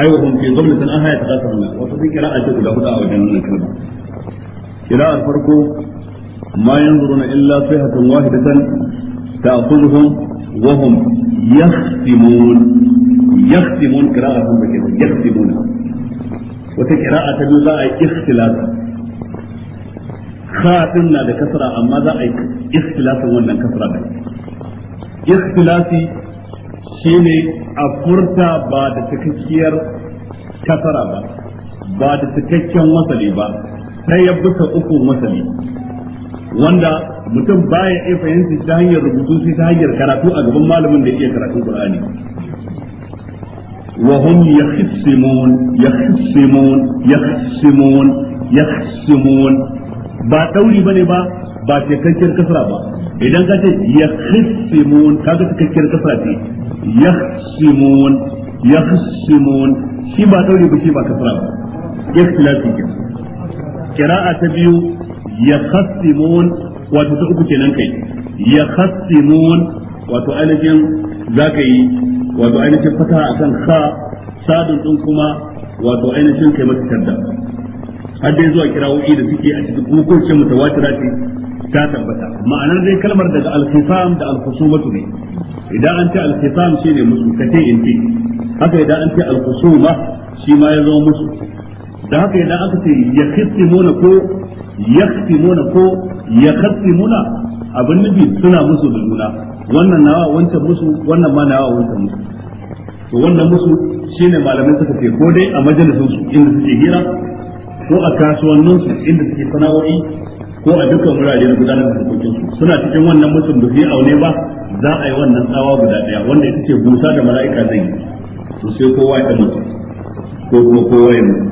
ai wa hum fi dhamnatin an hayata tasarna wato kira kira'a ta guda hudu a wajen nan kalma kira'ar farko ma yanzuruna illa sayhatan wahidatan ta'khudhuhum wa hum yaqsimun yaqsimun kira'atun bakin yaqsimuna wata kira a ta biyu za a yi ikhtilaf kha din na da kasra amma za a yi ikhtilafin wannan kasra da shi ne a furta ba da cikakkiyar kasara ba ba da cikakken masali ba sai ya bisa uku masali wanda mutum baya iya fahimta ta hanyar rubutu sai ta hanyar karatu a gaban malamin da iya karatun Qur'ani wa hum yakhsimun yakhsimun yakhsimun yakhsimun ba dauri bane ba ba cikakkiyar kasra ba idan ka ce yakhsimun kaga cikakkiyar kasra ce yakhsimun yakhsimun shi ba daure ba shi ba kasra ba ikhtilafi ke qira'a ta biyu ya yakhsimun wato ta uku kenan kai ya yakhsimun wato ainihin zaka yi wato ainihin fata akan kha sadun din kuma wato ainihin kai mata tadda har dai zuwa kirawo da suke a cikin kuma ko ce mutawatira ce ta tabbata ma'anar dai kalmar daga al-khisam da al-khusumatu ne idan an ce al-khisam shine musu kace in fi haka idan an ce al-khusuma shi ma ya zama musu da haka idan aka ce ya yakhisimuna ko ya yakhisimuna ko ya yakhisimuna abin nufi suna musu da juna wannan nawa wancan musu wannan ma nawa wancan musu to wannan musu shine malamai suka ce ko dai a majalisin su inda suke hira ko a kasuwanninsu inda suke sana'o'i ko a dukkan wurare na gudanar da hukuncin su suna cikin wannan mutum da yi aune ba za a yi wannan tsawa guda daya wanda ita ce busa da mala'ika zai yi to sai kowa ya mutu ko kuma kowa ya mutu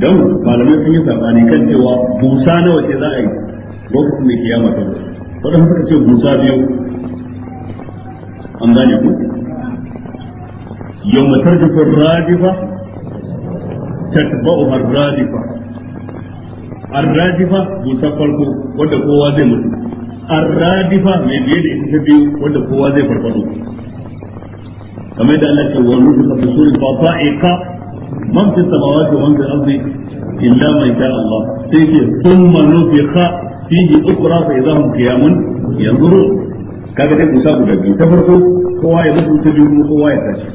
don malamai sun yi sabani kan cewa busa nawa ce za a yi lokacin da kiyama ta zo wadanda suka ce busa biyu an gane ku Yau yawma tarjifu radifa tatba'u ar-radifa arrajifa busa farko wanda kowa zai mutu arrajifa mai biye da ita ta biyu wanda kowa zai farfado kamar da Allah ke wa nufiqa fi suri fa ta'iqa man fi samawati wa man fi al-ardi illa man sha'a Allah sai ke thumma nufiqa fihi ukhra fa idahum qiyamun yanzuru kaga dai busa guda biyu ta farko kowa ya mutu ta biyu kowa ya tashi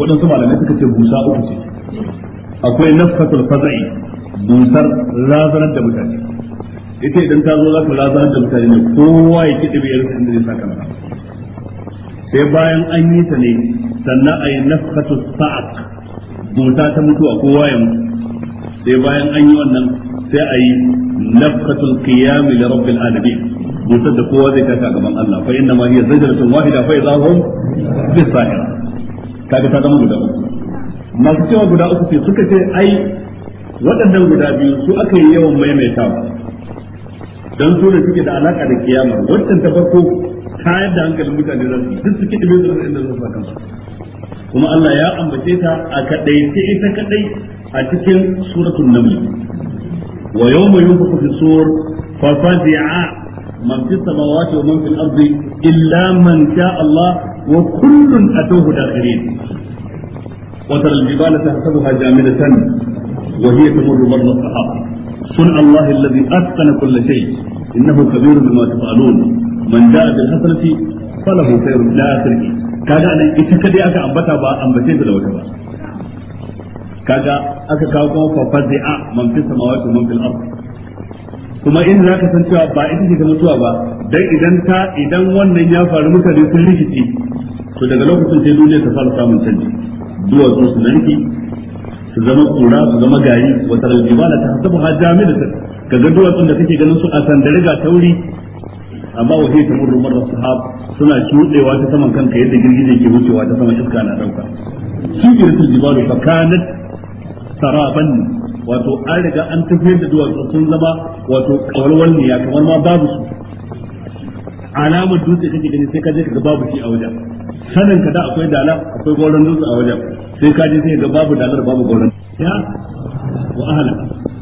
waɗansu malamai suka ce busa uku ce akwai nafkatul faza'i dusar lazarar da mutane ita idan ta zo za ka lazarar da mutane ne kowa ya kiɗi biyar inda ne sa mata sai bayan an yi ta ne sannan a yi nafkatu sa'ak dusa ta a kowa ya mutu sai bayan an yi wannan sai a yi nafkatu kiyami da rabbin alabi dusar da kowa zai taka gaban Allah fa inna ma hiya da wahida fa idza hum bis ta kaga ta zama guda uku masu cewa guda uku ce suka ce ai waɗannan guda biyu su aka yi yawan maimaita don su da suke da alaka da kiyama wancan ta farko kayan da hankalin mutane za su duk suke ɗabe su inda su saka kuma Allah ya ambace ta a kadaice ita a cikin suratun naml wa yawma yunfaku fi sur fa fadi'a man fi samawati wa man fil ardi illa man sha Allah wa kullun atuhu dakhirin wa taral jibala tahsabuha jamidatan وهي تمر مر السحاب صنع الله الذي أتقن كل شيء بما تفعلون من جاء فله خير kuma in za ka san cewa ba ita ce ta mutuwa ba dan idan ta idan wannan ya faru mutane sun rikici to daga lokacin sai duniya ta fara samun canji su su zama kura su zama gari wa taral jibala ta jamidatan kaga duwatsun da kake ganin su a sandare ga tauri amma waje ta murru marar sahab suna shuɗewa ta saman kanka yadda girgije ke wucewa ta saman iska na ɗauka su ke girtul jibalu fa kanat saraban wato an riga an tafiyar da duwatsu sun zama wato kawarwar ne ya kamar ma babu su alamar dutse kake gani sai ka je ka babu shi a wajen sanin ka da akwai dala akwai goron dutse a wajen sai ka je sai ga babu dalar babu goron ya wa ahla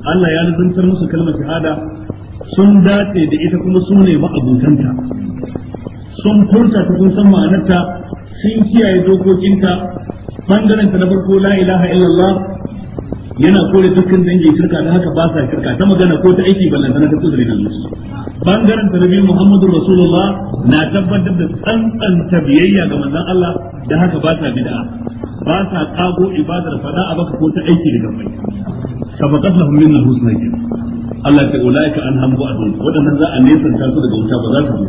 Allah ya lubuntar musu kalmar shahada sun dace da ita kuma su ne ma'abutanta sun furta ta kun san ma'anarta sun kiyaye dokokinta bangaren ta na farko la ilaha illallah yana kore dukkan dangin shirka da haka ba sa shirka ta magana ko ta aiki ba ta kudure da musu da tarbi Muhammadu Rasulullah na tabbatar da tsantsanta biyayya ga manzon Allah da haka ba sa bid'a ba sa kago ibadar fada a baka ko ta aiki da gabai sabaqat lahum min husna Allah ta ulaika an a waɗannan waɗannan za a nesan su daga wuta ba za su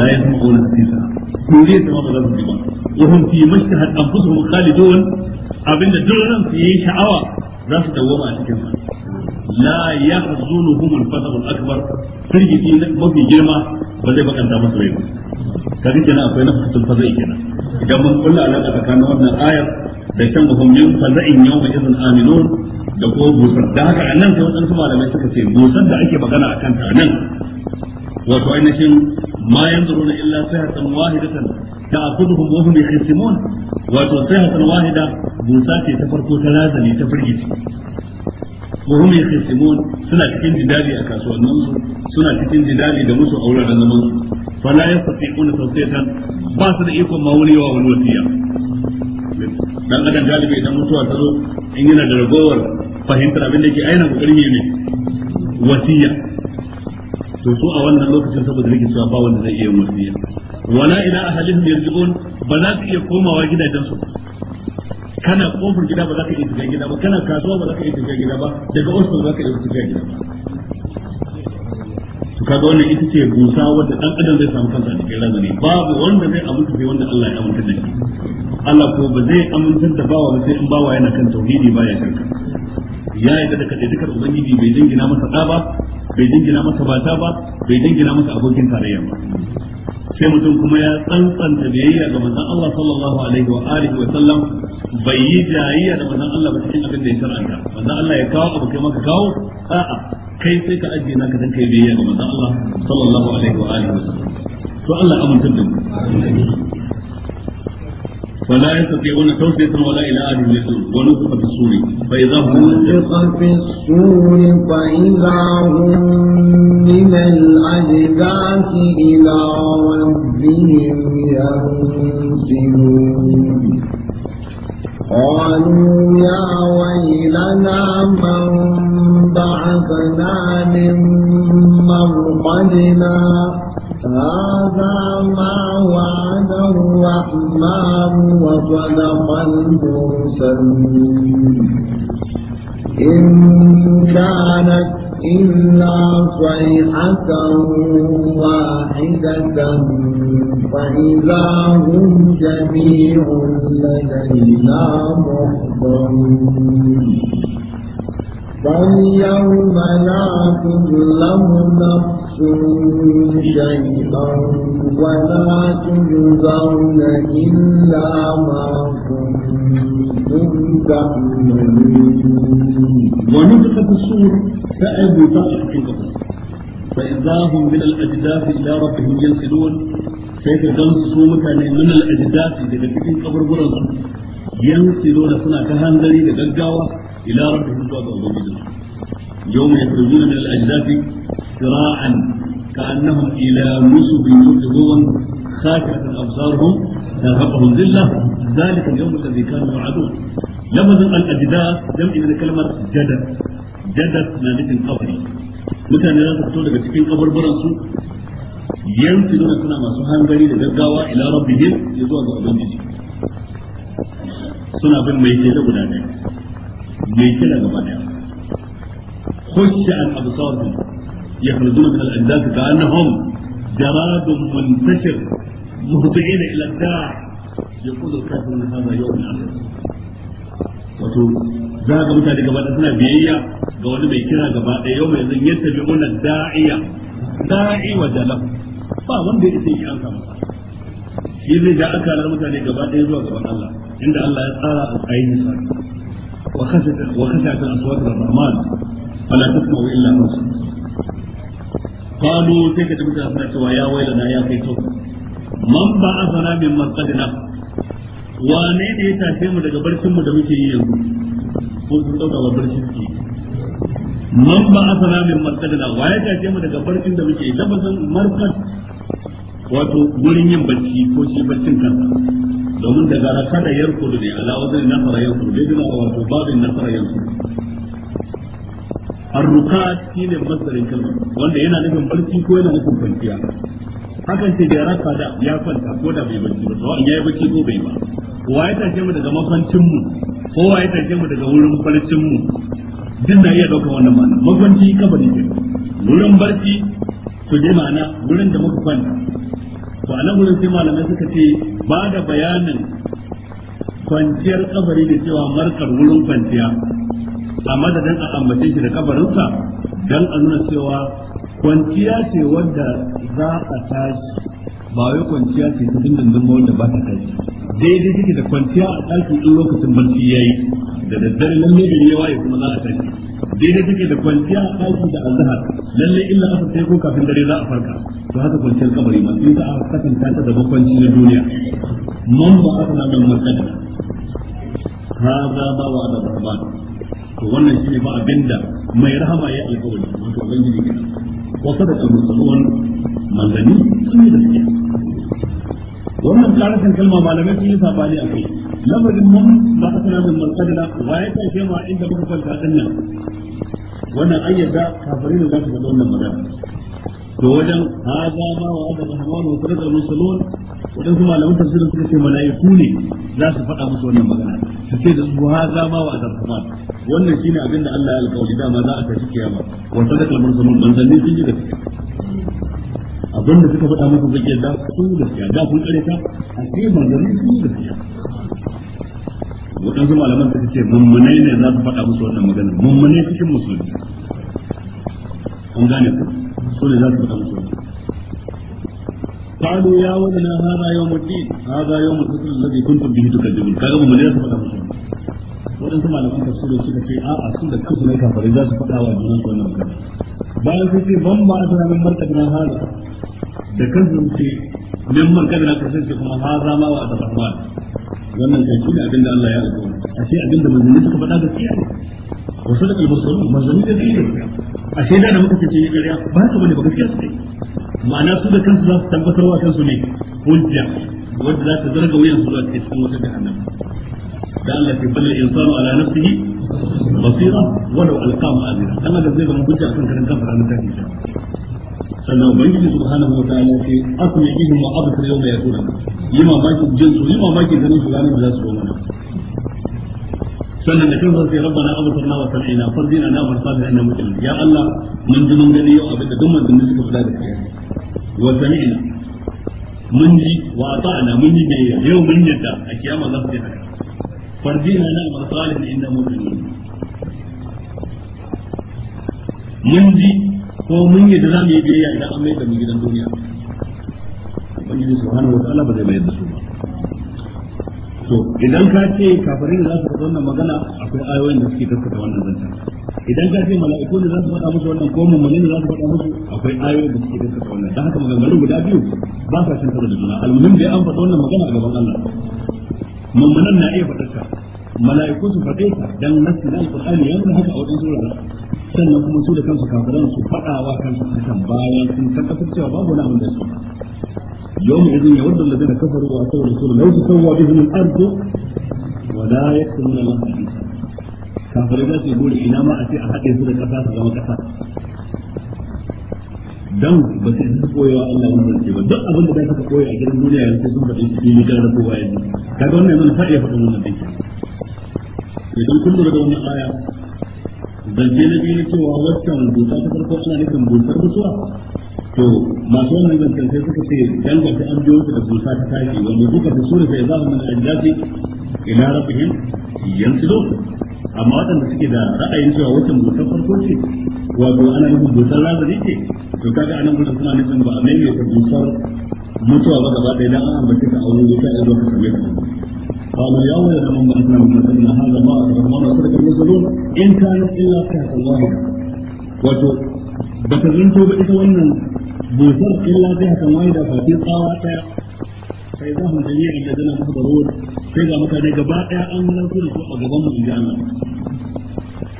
je la sisa ko kuri sama ba za su ji ba wa hum fi mashtahat anfusuhum khalidun abinda duk ran su yi sha'awa za su ba a cikin sa la yahzunuhum al-fath al-akbar firgiti mafi girma ba zai bakanta musu rai kaga kenan akwai nafsul fazai kenan idan mun kulla alaka tsakanin wannan ayar da kan hum min faza'in yawma idhin aminun da ko busar da haka nan sai wadansu malamai suka ce busar da ake magana akan ta nan wato ainihin ma yanzuruna illa sayhatan wahidatan wahida busa ta farko ta razali ta firgiti wa hum simon suna cikin jidali a kasuwannin su suna cikin jidali da musu aure da zaman su fala yastati'una sawtatan ba su da ikon ma wani yawa wani wasiya dan adam galibi idan mutuwa ta zo in yana da ragowar fahimtar abin da ke aina ko yi ne wasiya to su a wannan lokacin saboda nake cewa ba wanda zai iya wasiya wala ila ahlihim yarji'un ba za su iya komawa gidajensu kana kofar gida ba za ka iya shiga gida ba kana kasuwa ba za ka iya shiga gida ba daga ofis ba za ka iya shiga gida ba to kaga wannan ita ce gusa wadda dan adam zai samu kansa cikin razani babu wanda zai amince da wanda Allah ya amince da shi Allah ko ba zai amince da bawa ba sai in bawa yana kan tauhidi ba ya kanka. ya yi da kaje dukkan ubangiji bai jingina masa da ba bai jingina masa bata ba bai jingina masa abokin tarayya ba sai mutum kuma ya tsantsanta biyayya ga manzon Allah sallallahu alaihi wa alihi wa sallam bai yi jayayya da manzon Allah ba cikin abin da ya karanta manzon Allah ya kawo abu kai maka kawo a'a kai sai ka ajiye naka dan kai biyayya ga manzon Allah sallallahu alaihi wa alihi wa sallam to Allah amintar da mu فلا يستطيعون توصية ولا إلى أهل يسرون ونفخ في السور فإذا هم ونفخ في السور فإذا هم من الأجداث إلى ربهم ينسلون قالوا يا ويلنا من بعثنا من مرقدنا هذا الرحمن وصدق المرسلين إن كانت إلا صيحة واحدة فإذا هم جميع لدينا محضرون فاليوم لا تظلم نفس تحصوا شيئا ولا تجزون إلا ما كنتم تعملون ونفخة فإذا هم من الأجداث إلى ربهم ينسلون sai ka gan su mutane min al-ajdasi daga cikin kaburburan su yan silo da suna ta hanzari da gaggawa ila rabbihim zuwa ga يوم يخرجون من الأجداث سراعا كأنهم إلى نصب يوقظون خاشعة أبصارهم ترهقهم ذلة ذلك اليوم الذي كانوا يوعدون لفظ الأجداث جمع من كلمة جدث جدث ما نفن قبري mutane za su fito daga cikin kabarbaran su yanzu da suna masu hangari da gaggawa ila rabbihim ya zuwa ga suna bin mai kela guda ɗaya mai kela gaba ɗaya خشعت أبصارهم يخرجون من الأجداث كأنهم جراد منتشر مهطعين إلى الداع يقول الكافرون هذا يوم عسير wato za ga mutane gaba da suna biyayya ga wani mai kira gaba yau mai zan yadda bi wannan da'iya da'i wa jalab ba wanda ya sai an samu shi zai ja akalar mutane gaba ɗaya zuwa gaban Allah inda Allah ya tsara a tsayin sa wa khashat wa khashat al ar-rahman فلا تسمعوا إلا موسى قالوا تلك تبقى أفنات ويا ويلنا يا كيتو من بعثنا من مرقدنا wane ne ya tafe mu daga barcin da muke yi yanzu ko sun dauka wa barcin ki man ba asana min markadina wa ya tafe mu daga barcin da muke wato wurin yin barci ko shi barcin kansa domin daga rakada yarkudu ne ala wajen nasara yarkudu dai dina wato babin nasara yarkudu arrukat shine masdarin kalma wanda yana nufin barci ko yana nufin kwanciya hakan ce da ya raka da ya kwanta ko da bai barci ba ya yi barci ko bai ba wa ya tashe mu daga makwancin mu ko wa ya tashe mu daga wurin barcin mu duk na iya daukar wannan ma'ana makwanci kabari ne wurin barci to dai ma'ana wurin da muka kwanta to a nan wurin sai malamai suka ce ba da bayanin kwanciyar kabari da cewa markar wurin kwanciya a madadin a ambace shi da kabarinsa don a nuna cewa kwanciya ce wadda za a tashi ba wai kwanciya ce ta dindindin wanda ba ta kai daidai take da kwanciya a ɗaki in lokacin barci yayi da daddare lalle gari ya waye kuma za a kai. daidai take da kwanciya a ɗaki da azhar lalle illa asar sai ko kafin dare za a farka to haka kwanciyar kabari ma sai ta a kasanta ta da bakwanci na duniya man ba aka nan matsala ba wa da الرحمن to wannan shine ba abinda mai rahama ya alƙawari wato ubangiji ne wa sadaqa musulun manzani sun yi gaskiya wannan karatan kalma malamai sun yi sabani a kai lafazin mun ba ta sanar da malkadala wa ya tashi ma inda muka kwanta dinnan wannan ayyada kafirin da za su ga wannan magana to wajen haza ma wa adam rahman wa sarrafa musulun wajen kuma malamin tafsirin suka ce malaiku ne za su faɗa musu wannan magana su ce da su haza ma wa adam rahman wannan shine abin da Allah ya alƙawari dama za a tafi kiyama wa sarrafa musulun manzanni sun yi da abin da suka faɗa musu zai da su da siya da kun kare ta a ce magari su yi da wajen waɗansu malaman suka ce mummunai ne za su faɗa musu wannan magana mummunai cikin musulmi an gane ku so ne za su faɗa musu قالوا يا ولنا هذا يوم الدين هذا يوم الفصل الذي كنتم به تكذبون كانوا من يسمع هذا مسلم waɗansu malaman tafsirin suka ce a a sun da kansu ne kafare za su faɗa wa junan su wannan magana bayan sun ce ban ba a tana min marka na haza da kansu sun ce min marka na kasar kuma haza ma wa wannan Allah ya a ce suka faɗa wasu da almusulun manzanni da zai a shaida da muka ce ƙarya ba ta bane ba gaskiya su kai ma'ana su da kansu za su tabbatar wa kansu ne hujja wanda za ta zarga wuyan su zuwa cikin wata jahannama da Allah ke balle insanu ala nafsihi basira walau alqa ma'azira Allah da zai zama hujja akan karan fara na tafi sannan ubangiji subhanahu wataala ce asmi ihim wa absir yawma yakuna yi mamakin jin su yi mamakin ganin su ranar da za su zo mana sannan da kansa sai rabbana abusarna wa sami'na farzina na amal salih inna muslimin ya Allah mun ji mun gani yau abinda duk manzanni suka fada da kai wa sami'na mun ji wa ata'na mun ji da yau mun yadda a kiyama za su ji haka farzina na amal salih inna muslimin mun ji ko mun yadda za mu yi biyayya idan an mai da mu gidan duniya ubangiji subhanahu wa ta'ala ba zai mayar da su ba to idan ka ce kafirin da za su faɗa wannan magana akwai ayoyin da suke tattara wannan zancen idan ka ce mala'iku ne za su faɗa musu wannan ko mummuni ne za su faɗa musu akwai ayoyin da suke tattara wannan don haka maganganun guda biyu ba sa shan karo da juna almuhim dai an faɗa wannan magana a gaban Allah mummunan na iya faɗarta mala'iku su faɗe ta dan nasu da alqur'ani yanzu haka a wajen sura sannan kuma su da kansu kafiran su faɗa wa kansu hakan bayan sun tabbatar cewa babu wani abin da su يوم إذن يود الذين كفروا وأتوا الرسول لو تسوى بهم الأرض ولا يكتمون الله حديثا كافر ذات يقول إنا ما أتي أحد يسود كفاة فهو كفاة dan ba sai su koya Allah wannan ce ba duk abin da bai saka koya a gidan duniya yanzu sun faɗi shi ne kan rabuwa yanzu kaga wannan yanzu faɗi ya wannan dake idan kun lura da wannan aya je na biyu na cewa waccan rubuta ta farko ana nufin rubutar mutuwa to masu wannan zancen sai suka ce danganta an da busa ta tashi wanda duka ta sura sai za mu mana ajabi ila yanzu yansidu amma waɗanda suke da ra'ayin cewa wancan busar farko ce wato ana nufin busar lazari ce to kaga anan gurin suna nufin ba a maimaita busar mutuwa ba gaba ɗaya dan an ambace ta aure wuta a zuwa kasame ta قالوا يا ويلنا من بعثنا من مسجدنا هذا ما أكبر ما صدق المرسلون إن كانت إلا صيحة واحدة wato ba ta zanto ba ita wannan busar illa zai hakan wani da fatin tsawa ɗaya sai za mu jami'a da zana musu da ruwa sai ga mutane gaba ɗaya an wani su da su a gaban mu in ji Allah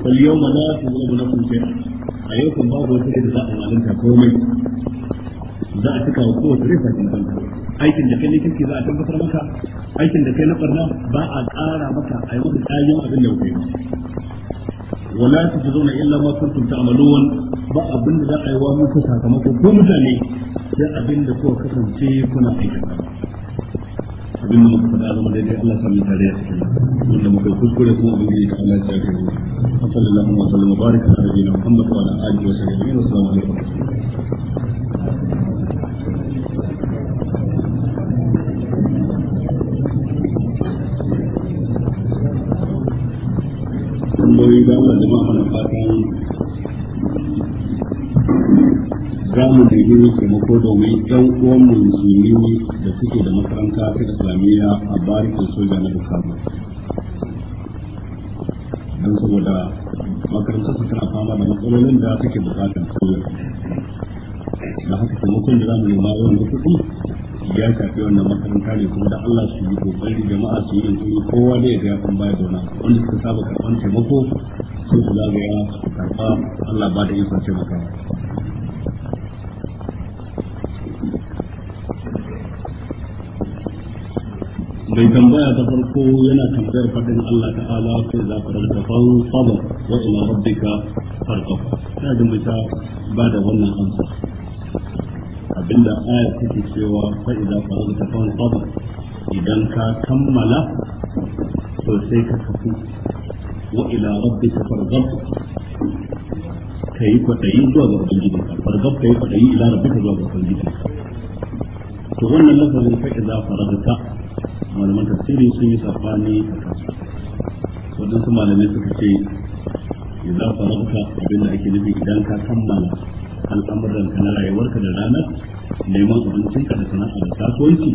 wal yau ma za su zama na kuke a yau kun babu wata da za a malanta komai za a cika wa kowace rai fatin kanta aikin da kai ne kirki za a tabbatar maka aikin da kai na barna ba a ƙara maka a yi maka ƙayyar abin da ya wala tujzuna illa ma kuntum ta'malun ba abin da za a yi wa muku sakamako ko mutane sai abin da ko kasance kuna aikata abin da muka faɗa zama daidai Allah sami tare a cikin wanda muka kuskure kuma abin da ya Allah ya shafe mu sallallahu alaihi wa sallam baraka ala nabiyina Muhammad wa ala alihi wa sahbihi wa sallam alaikum tambayoyi jama'a na fatan za mu nemi taimako domin ɗan uwan musulmi da suke da makaranta ta islamiyya a barikin soja na bukama don saboda makaranta su tana fama da matsalolin da suke bukatar koyar da haka taimakon da za mu nema yawan lokaci ya shafi wannan makaranta ne kuma da Allah su yi kokari jama'a su yi yankuri kowa ne da ya kan bayar da wani wanda suka saba karɓar taimako su su zagaya karɓa Allah ba da ikon taimaka bai tambaya ta farko yana tambayar fadin Allah ta'ala ko za ka rarka fan sabar wa ila rabbika farqa ta da mai ta ba da wannan amsa abinda aya take cewa fa idza faranta fa qad idan ka kammala to sai ka tafi wa ila rabbika farghab kai kwadayi zuwa ga ubangiji farghab kai kwadayi ila rabbika zuwa ga ubangiji to wannan lafazin fa idza ta malaman tafsiri sun yi sabani a kasu wadansu malamai suka ce idza faranta abinda ake nufi idan ka kammala al'amuran ka na rayuwarka da rana neman abincin ka da sana'a da kasuwanci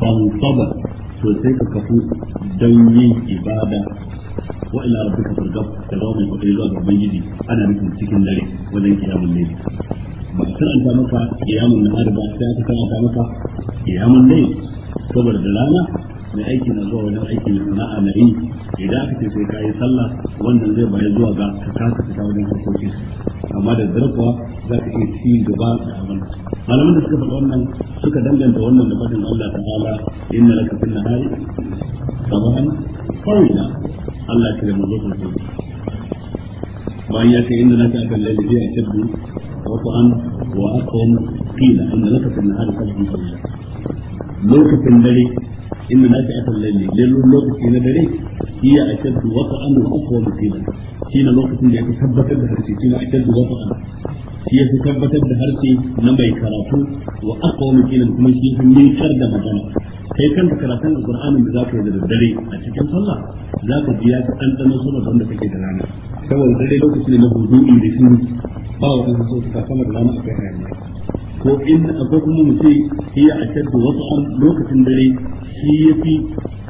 fansaba to sai ka kafu don yin ibada wa ila rabbika fargab da zama mai kwatai zuwa ga ubangiji ana nufin cikin dare wajen kiyamun laifi ba a karanta maka kiyamun nahar ba sai ta karanta maka kiyamun laifi saboda da rana mai aiki na zuwa wajen aiki mai sana'a na yi idan aka ce sai ka yi sallah wannan zai bayar zuwa ga ka kasa ka wajen harkokin amma da zarfawa za ka iya ci gaba da abin malaman da suka faɗa wannan suka danganta wannan da fadin Allah ta'ala inna laka fil nahari sabahan fawila Allah ya kare mu zuwa bayan ya kai inda naka akan lalle biya shaddu rafa'an wa aqwam qila inda laka fil nahari sabahan lokacin dare inna na fi'ata lalle lalle lokaci na dare hiya ashaddu waqa'an wa aqwa musiba shine lokacin da yake tabbatar da harshe shine ashaddu waqa'an shi yake tabbatar da harshe na mai karatu wa aqwa musiba kuma shi yake mikar da magana kai kanka karatun alqur'anin da zaka yi da daddare a cikin sallah zaka ji ya dan dan sama da wanda kake da rana saboda dare lokaci ne na hudu da shi ba wani sosai kamar rana akai hayaniya ko in ko kuma mu ce hiya ashaddu was'an lokacin dare shi yafi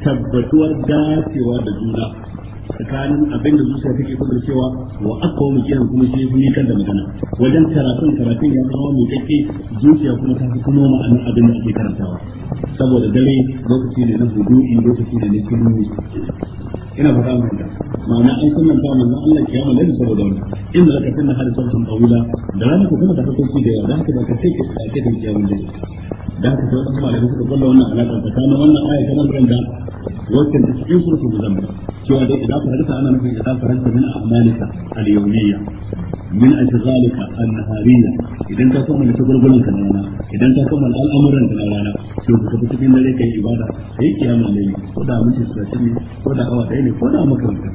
tabbatuwar dacewa da juna tsakanin abin da zuciya take kudin cewa wa akwa mu kiran kuma shi ne kan da magana wajen karatun karatun ya zama mu kake zuciya kuma ta fi kuma ma'anar abin da ake karantawa saboda dare lokaci ne na hudu'i lokaci ne na kilimi ina fata mun da ma'ana an nan ba manzon Allah kiyama lalle saboda wannan in da ka sunna har sabon awula da ranar ku kuma da kake da yarda ba ka take da take da kiyama da da ka sai kuma da kuka kalla wannan alaƙa tsakanin wannan aya ta nan da wannan da cikin suratul muzammil cewa dai idan harka ana nufin idan faranta a'malika al-yawmiyya min ashghalika an-nahariyya idan ka idan ka kammala al'amuran ka na rana to ka tafi cikin dare ibada kai kiyamul layli da mun ci da awa ɗaya da makarantar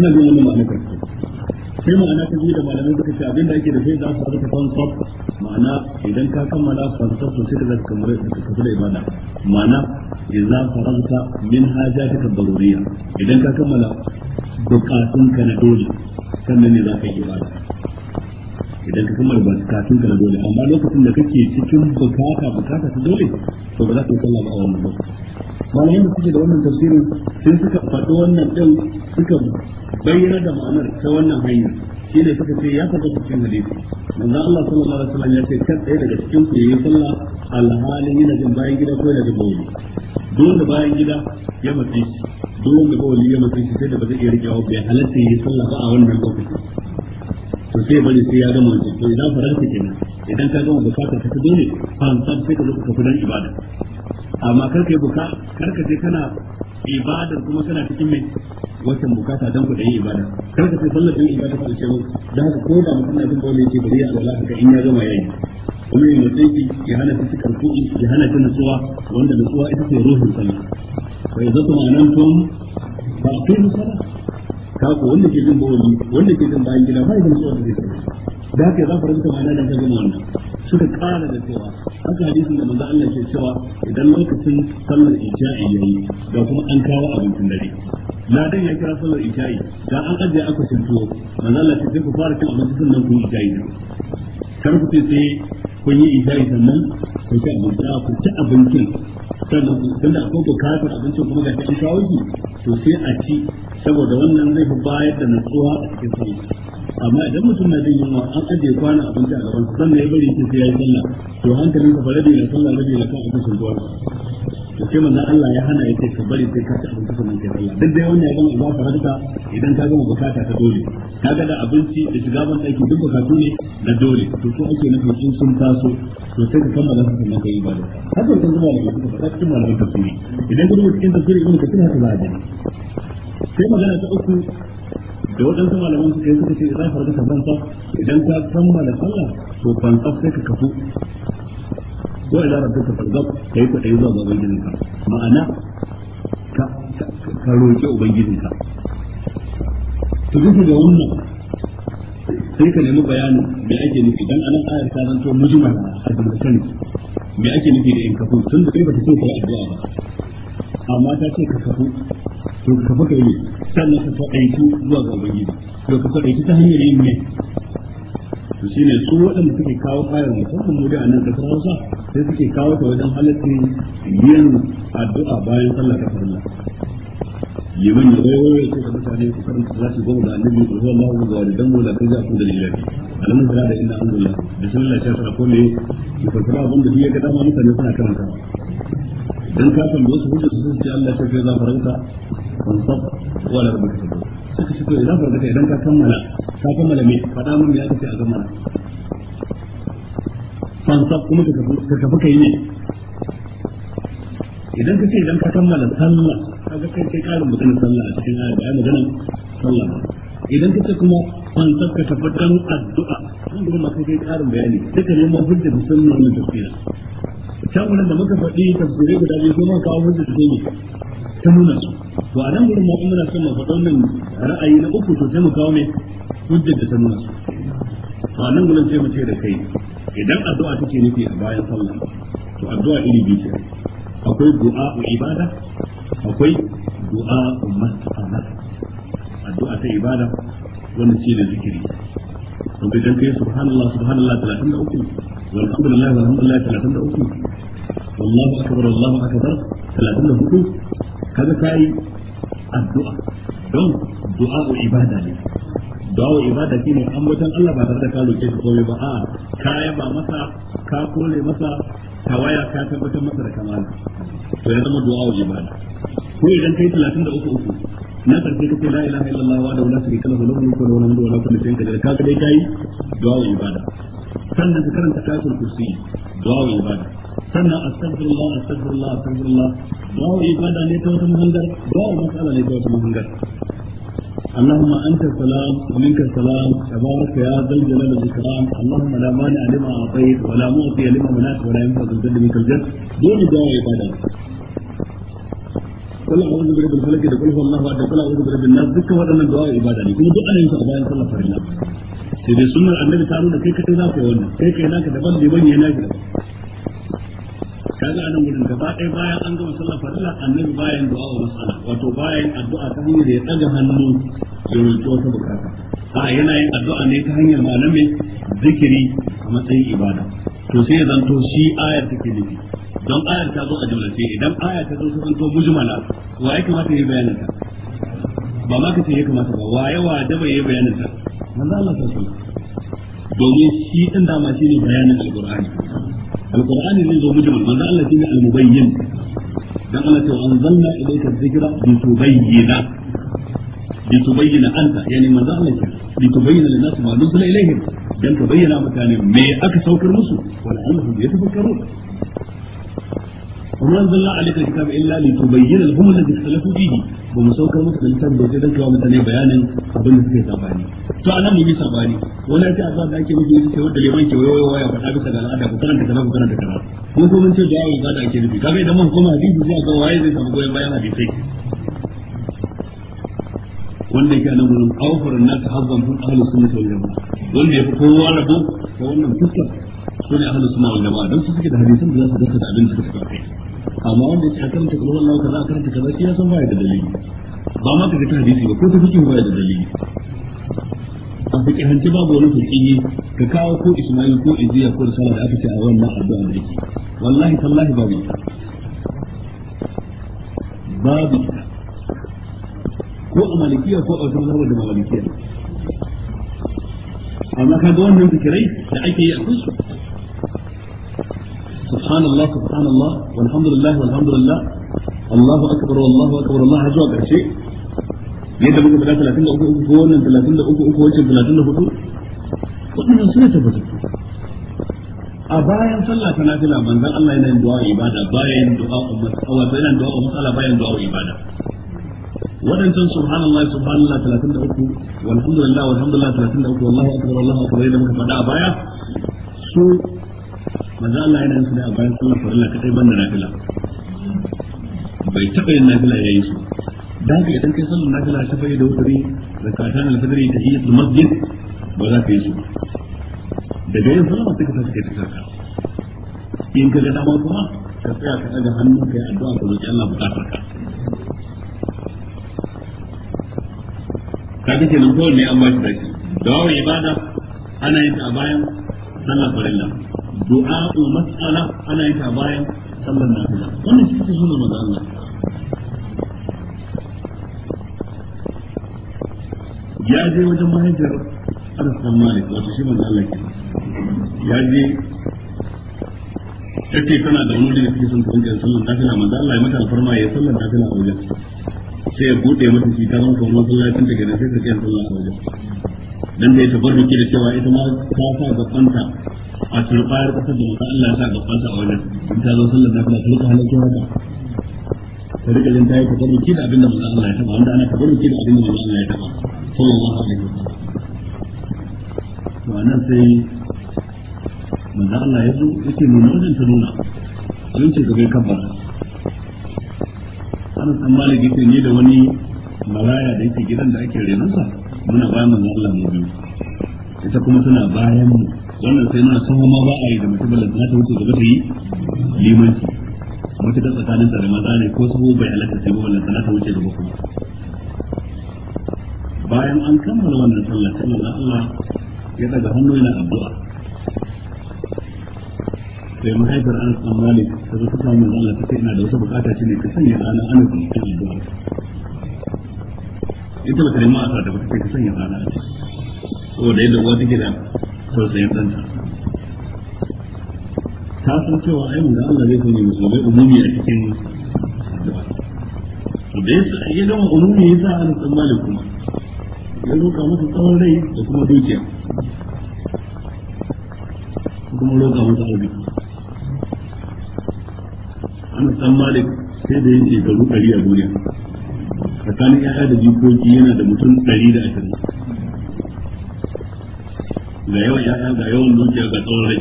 ina ganin sai ma'ana ta biyu da malamai suka ce abinda ake da sai za su rubuta fansof ma'ana idan ka kammala fansof to sai ka zaka kamar ka tafi da ibada ma'ana za su faranta min haja ta daruriyya idan ka kammala bukatun ka na dole sannan ne za ka yi ibada idan ka kammala bukatun ka na dole amma lokacin da kake cikin bukata bukata ta dole to ba za ka yi sallah ba a wannan malamin da suke da wannan tafsirin sun suka faɗo wannan ɗin suka bayyana da ma'anar ta wannan hanya shi ne suka ce ya faɗa cikin hadisi manzo Allah sallallahu alaihi wasallam ya ce kar ɗaya daga cikin ku yayi sallah alhalin yana jin bayan gida ko yana jin Don dole bayan gida ya mace shi dole wani ya mace shi sai da ba zai iya rikewa bai halatta yayi sallah ba a wannan lokaci to sai bari sai ya gama wancan to idan faranta kenan idan ka gama bukatar ka ta dole fa sai ka zo ka fi dan ibada amma kar ka yi buka kar ka ce kana ibadar kuma kana cikin mai wata bukata don ku da yi ibada kar ka ce sallar din ibada ta ce mu da haka ko da mutum na jin dole yake bari ya Allah ka in ya zama yayi kuma yin motsi ya hana ta cikin kuɗi ya hana ta nutsuwa wanda nutsuwa ita ce ruhun sani ba ya kuma nan tun ba a kai nutsuwa ka ko wanda ke jin bawali wanda ke jin bayan gida ba ya jin tsawon da zai da haka za fara duka ma'ana da ta gama wannan suka kara da cewa haka hadisin da manzo Allah ke cewa idan lokacin sallar isha'i yayi ga kuma an kawo abincin dare ladan ya kira sallar isha'i da an ajiye aka tuwo manzo Allah ke ku fara cin abincin nan ku isha'i kar ku ce sai kun yi isha'i sannan ku ci abinci a ku ci abincin sannan tun da akwai bukatar abincin kuma ga cikin kawo shi to sai a ci saboda wannan zai fi bayar da natsuwa a cikin sai amma idan mutum na jin yunwa an ajiye kwana abinci a gaban sannan ya bari sai ya yi sallah to hankalin ka fa rabi na sallah rabi na kan abincin zuwa to sai manzon Allah ya hana yake ka bari sai ka ci abinci kuma kai Allah duk dai wannan ya gama ba ka rarka idan ka gama bukata ta dole ga da abinci da shiga ban aiki duk bukatu ne da dole to ko ake nufi sun sun taso to sai ka kammala su sannan kai ibada haka sun zama da kuma ka cikin malamin tafsiri idan ka rubuta cikin tafsiri ibn kasir haka za a gani sai magana ta uku da waɗansu malaman suka yi suka ce idan farka ka fanta idan ka kammala sallah to fanta sai ka kafu wa ila rabbika farghab kai ku dai zuwa ga ka, ma'ana ka ka roki ka. to duk da wannan sai ka nemi bayanin me ake nufi dan anan ayar ta zanto mujmal a dukkan me ake nufi da in kafu tun da kai ta ce kai addu'a ba amma ta ce ka kafu to ka kafu kai ne sannan ka aiki zuwa ga ubangiji to ka aiki ta hanyar yin ne to shine su waɗanda suke kawo ayar musamman mu da nan kasar Hausa sai suke kawo ta wajen halaccin yin addu'a bayan sallah ta farilla liman ya wayo ya ce da mutane ku karanta salati goma da annabi ku zuwa Allah ga da dan mola kai za ku da lillahi alamun sala da inna alhamdulillah bismillah ta sara kullu ki fasara abin da ya ga dama mutane suna karanta dan ka san wasu hujja su sun ce Allah ya ce za farauta wan safa wala rabbika suka idan farka idan ka kammala ka kammala me faɗa mun ya ce a fansa kuma ka tafi kai ne idan ka ce idan ka kammala sallah kai kai karin mutum sallah a cikin ayar bayan maganar sallah idan ka ce kuma fansa ka tafi dan addu'a nan gurin kai kai karin bayani sai ka nemo hujjar sunna na tafiya can da muka faɗi tafsirai guda biyu kuma kawo hujjar ne ta nuna su to a nan gudun mu muna son mu faɗa wannan ra'ayi na uku to sai mu kawo mai hujjar da ta nuna su to a nan gudun sai mu ce da kai idan addu'a take nufi a bayan sallah to addu'a iri biyu ce akwai du'a ibada akwai du'a mas'ala addu'a ta ibada wanda ce da zikiri wanda idan kai subhanallah subhanallah uku. walhamdulillah walhamdulillah uku wallahu akbar wallahu akbar hudu. kaga yi addu'a don du'a ibada ne du'a ibada shine an wajen Allah ba tare da ka roke shi komai ba a ka yaba masa ka kore masa tawaya ka tabbatar masa da kamala to ya zama du'a ibada ko idan kai 33 uku na karfe ka ce la ilaha illallah wa la sharika lahu lahu mulku wa lahu alhamdu wa lahu kullu shay'in qadir ka dai kai du'a ibada sannan ka karanta ayatul kursi du'a ibada sanna astagfirullah astagfirullah astagfirullah wa ibada ne ta wata muhimmiyar ba wa matsala ne ta wata muhimmiyar اللهم انت السلام ومنك السلام تبارك يا ذا الجلال والاكرام اللهم لا مانع لما اعطيت ولا معطي لما منعت ولا ينفع ذا الجلد منك الجد دون دعاء عباده قل اعوذ برب الفلك قل هو الله احد قل اعوذ برب الناس ذكر هذا من دعاء عباده لي كنت انا ينفع بين صلى الله عليه وسلم سيدي السنه النبي تعالى لك كيف تنافي وانا كيف هناك تبدي بني هناك kaga anan gurin gaba ɗaya bayan an gama sallar fadila annabi bayan du'a wa mas'ala wato bayan addu'a ta hanyar ya ɗaga hannu ya roki wata bukata a yana yin addu'a ne ta hanyar malamin zikiri a matsayin ibada to sai ya zanto shi ayar take nufi don ayar ta zo a jumlace idan ayar ta zo ta zanto mujmala wa ya kamata ya bayanin ta ba ma ka ce ya kamata ba wa ya wajaba ya bayanin ta manzo Allah sallallahu alaihi wasallam domin shi din dama shine bayanin alqur'ani القران الذي زوجي من من الله فيه المبين دعنا وانزلنا اليك الذكر لتبين لتبين انت يعني من ذلك لتبين للناس ما نزل اليهم لن تبين مكان ما اكثر سوكر الرسل ولعلهم يتفكرون وما انزلنا عليك الكتاب الا لتبين لهم الذي اختلفوا فيه ba mu saukar musu da littafin da don kawo mutane bayanin abin da suke sabani to anan mu yi sabani wani ake ce da ake nufi ita ce wanda liman ke wayo waya ta bisa ga al'ada ku karanta kaza ku karanta kaza mun ko mun ce da yawo za da ake nufi kaga idan mun koma hadisi sai a ga waye zai samu goyon bayan hadisai wanda yake nan gurin awfarin na ta hazban fun ahlus ne wal jamaa wanda ya fi kowa rabo ta wannan fuskar sune ahlus sunna wal jamaa don su suke da hadisan da za su da abin da suka faɗa amma wanda yake a kuma wannan Allah za a karanta kaza shi ya san baya da dalili ba ma ta ta hadisi ba ko ta fikin baya da dalili a fiƙi hanci babu wani fiƙi ka kawo ko Ismail ko Iziya ko Risala da aka ce a wannan addu'a da yake wallahi tallahi babu ita babu ita ko a malikiya ko a wajen zama da malikiya amma ga wannan fikirai da ake yi a kusa subhanallah subhanallah yadda muka faɗa uku ko wannan uku wancan waɗannan suna a bayan sallah ta nafila Allah yana yin du'a ibada bayan du'a du'a bayan du'a ibada subhanallah subhanallah walhamdulillah walhamdulillah akbar akbar da muka faɗa a baya su manzo Allah yana yin a bayan sallar farilla kadai banda nafila bai taɓa yin nafila ya yi su da haka idan kai sallar nafila ta da wuri da katan alfadari da iya masjid ba za ka yi su Da yin sallar sai ka tashi kai ta karka in ka ga dama kuma ka tsaya ka ɗaga hannun kai addu'a ka roƙi Allah buƙatar ka kaga kenan kowanne an ba shi dace dawawar ibada ana yin ta a bayan sallar farilla du'a mas'ala ana yin ta bayan sallar nafila wannan shi ce sunan manzo Allah ya je wajen mahaifiyar Anas bin Malik wato shi manzo Allah ke ya je take tana da wani da suke son ta sallar nafila manzo Allah ya mata alfarma ya sallar nafila a wajen sai ya bude mata shi ta zama kamar masallacin da gidan sai ta kai sallar a wajen dan da ya tabbata da cewa ita ma ta sa gabanta a turbayar kasar da mutum Allah ya sa ga fasa a wannan in ta zo sallar na kana turka halakin haka ta rika jin tayi kasar ki da abin da mutum Allah ya taba wanda ana kasar ki da abin da mutum Allah ya taba sallallahu alaihi wasallam to anan sai manzo Allah ya zo yake nuna wajen ta nuna sun ce gabe kan ana san maliki ce ne da wani maraya da yake gidan da ake renansa muna bayan manzo Allah mu biyu ita kuma suna bayan mu wannan sai nuna sun ma ba a yi da mutum balantana ta wuce gaba ta yi limanci ta tsakanin tsare maza ne ko su bai halatta sai ba balantana ta wuce gaba kuma bayan an kammala wannan sallah sai manzon Allah ya daga hannu yana addu'a sai mahaifar an san malik ta zo ta samu manzon Allah take ina da wata bukata ce ne ta sanya ranar ana ta cikin addu'a ita ba ta nemi a da ba ta ka sanya ranar a ciki saboda yadda uwa take da tausayin ta san cewa ai da Allah zai umumi a cikin to da yasa ya gama umumi an san ya tsawon rai da kuma dukiya kuma san malik sai da yake da rukari a duniya tsakanin ya'ya da jikoki yana da mutum ɗari da ashirin ga yawan ya'ya ga yawan dukiya ga tsawon rai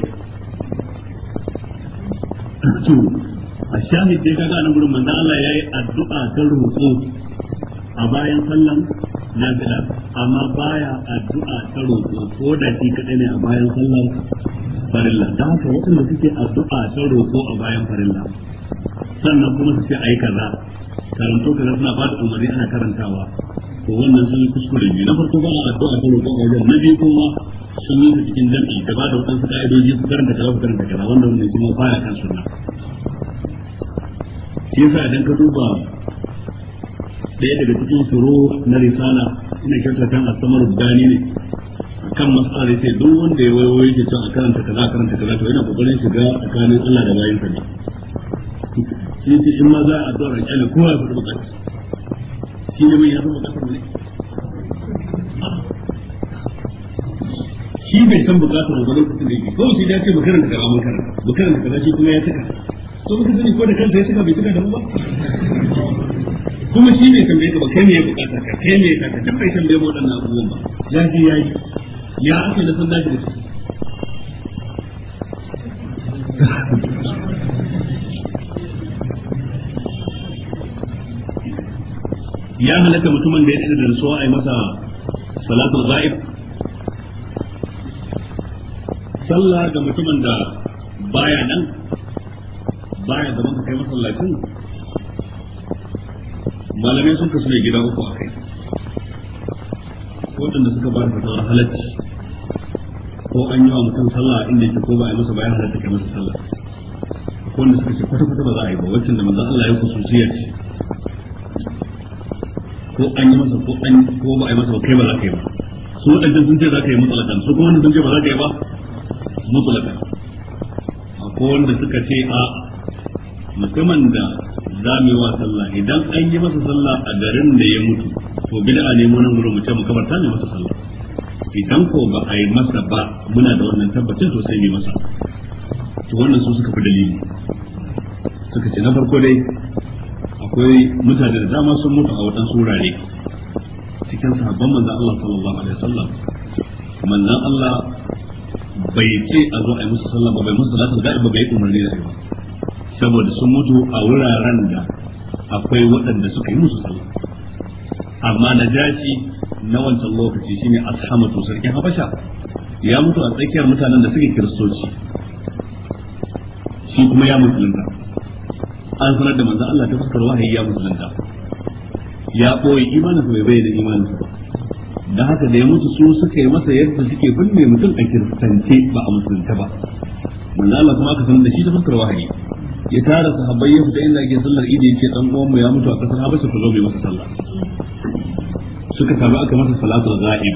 to a shahid dai kaga nan gurin manzon Allah yayi addu'a ta roƙo a bayan sallan nafila amma baya addu'a ta roƙo ko da shi kadai ne a bayan sallan farilla dan haka waɗanda suke addu'a ta roƙo a bayan farilla sannan kuma suke ce ayi kaza karanto kaza suna ba da umarni ana karantawa to wannan sun yi kuskure ne na farko ba a addu'a ta roƙon wajen na biyu kuma sun yi su cikin jam'i da ba da wasu ka'idoji su karanta kala su karanta kala wanda wannan shi ma baya kan suna shi yasa idan ka duba ɗaya daga cikin suro na risala ina kyauta kan asamar gani ne kan matsala sai duk wanda ya wayo yake son a karanta kala karanta kala to yana kokarin shiga tsakanin Allah da bayan sa ne shi in ma za a addu'a a kowa ya fadi bukatarsa shi ne mai yazo bukatar ne shi bai san bukatar da ko shi ya ce bukatar da karamin bukatar da kuma ya saka to muka sani ko da ya saka bai saka da mu ba kuma shi bai kai ne ya bukatar ka kai ne duk bai mu wadannan abubuwan ba ya ji ya yi ya ake da da shi ya halatta mutumin da ya tsada da rasuwa a yi masa salatul za'ib sallah ga mutumin da baya nan baya da ka kai masallacin malamai sun kasu ne gida uku a kai waɗanda suka ba da fatawar halacci ko an yi wa mutum sallah inda yake ko ba a yi masa bayan halatta kai masa sallah ko wanda suka ce kwata-kwata ba za a yi ba waccan da manzan Allah ya kusurciyar ce ko an yi masa ko an ko ba a yi masa ba kai ba za ka yi ba su wadancan sun ce za ka yi mutlakan su kuma wanda sun ce ba za ka yi ba mutlakan ko wanda suka ce a musamman da za mu yi wa sallah idan an yi masa sallah a garin da ya mutu to bid'a ne mu nan gurin mu ce mu kamar ta ne masa sallah idan ko ba a yi masa ba muna da wannan tabbacin to sai mu masa to wannan su suka fi dalili suka ce na farko dai akwai mutane da dama sun mutu a waɗansu wurare cikin sahabban manzan Allah sallallahu alaihi wasallam manzan Allah bai ce a zo a yi musu sallah ba bai musu salatul da ba bai umarni da ba saboda sun mutu a wuraren da akwai waɗanda suka yi musu sallah amma na jaci na wancan lokaci shine ashamatu sarkin habasha ya mutu a tsakiyar mutanen da suke kiristoci shi kuma ya musulunta an sanar da manzan Allah ta fuskar wahayi ya musulunta ya ɓoye imanin mai bai bayyana imanin sa da haka da ya mutu su suka yi masa yadda suke binne mutum a kirtance ba a musulunta ba manzan Allah kuma aka sanar da shi ta fuskar wahayi ya tara sahabbai ya fita inda ake sallar idi yake dan uwan mu ya mutu a kasar Habasha ku zo mai masa sallah suka samu aka masa salatul ghaib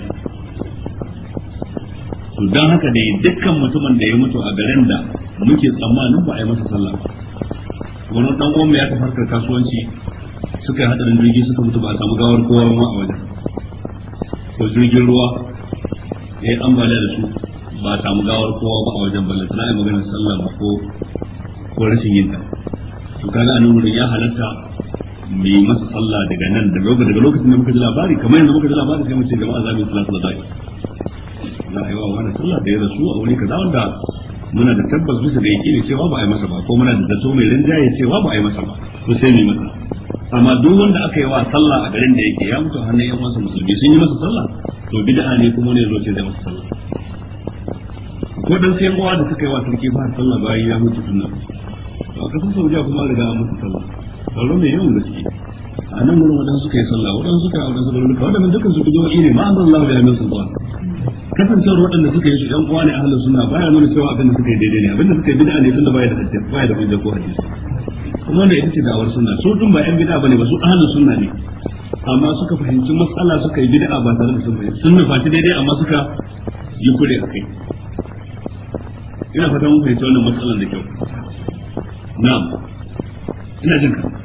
to dan haka yi dukkan mutumin da ya mutu a garin da muke tsammanin ba a yi masa sallah ba wani dan uwan ya tafi harkar kasuwanci suka yi hadarin jirgi suka mutu ba a samu gawar kowa ma a wajen ko jirgin ruwa ya yi ambaliya da su ba a samu gawar kowa ba a wajen balle tana yi maganar sallah ba ko ko rashin yinta to kaga anan wurin ya halatta mai masa sallah daga nan daga lokacin da muka ji labari kamar yanzu muka ji labari sai mu ce jama'a za mu yi sallah da zai Na yi wani sallah da ya rasu a wani kaza wanda muna da tabbas bisa da yake ne cewa ba a yi masa ba ko muna da zato mai rinjaye cewa ba a yi masa ba ko sai mai masa amma duk wanda aka yi wa sallah a garin da yake ya mutu hannun yan wasu musulmi sun yi masa sallah to bid'a ne kuma ne zo ce zai masa sallah ko dan sai yan da suka yi wa sarki ba sallah bayan ya mutu sunna to a kasan sauja kuma riga masa sallah sallah mai yawan gaske a nan gurin waɗansu suka yi sallah waɗansu suka yi auren su garuruka waɗannan dukkan su bidoyi ne ma azan Allah da min sultan kasancewar waɗanda suka yi su ɗan uwa ne ahlus sunna baya nuna cewa abin da suka yi daidai ne abin da suka yi bid'a ne da baya da hadisi baya da hujja ko hadisi kuma wanda ita ce da'awar suna su dun ba yan bid'a ne ba su ahlus sunna ne amma suka fahimci matsala suka yi bid'a ba tare da sun fahimci sun nufaci daidai amma suka yi kure a kai ina fata mun fahimci wannan matsalan da kyau na'am ina jin ka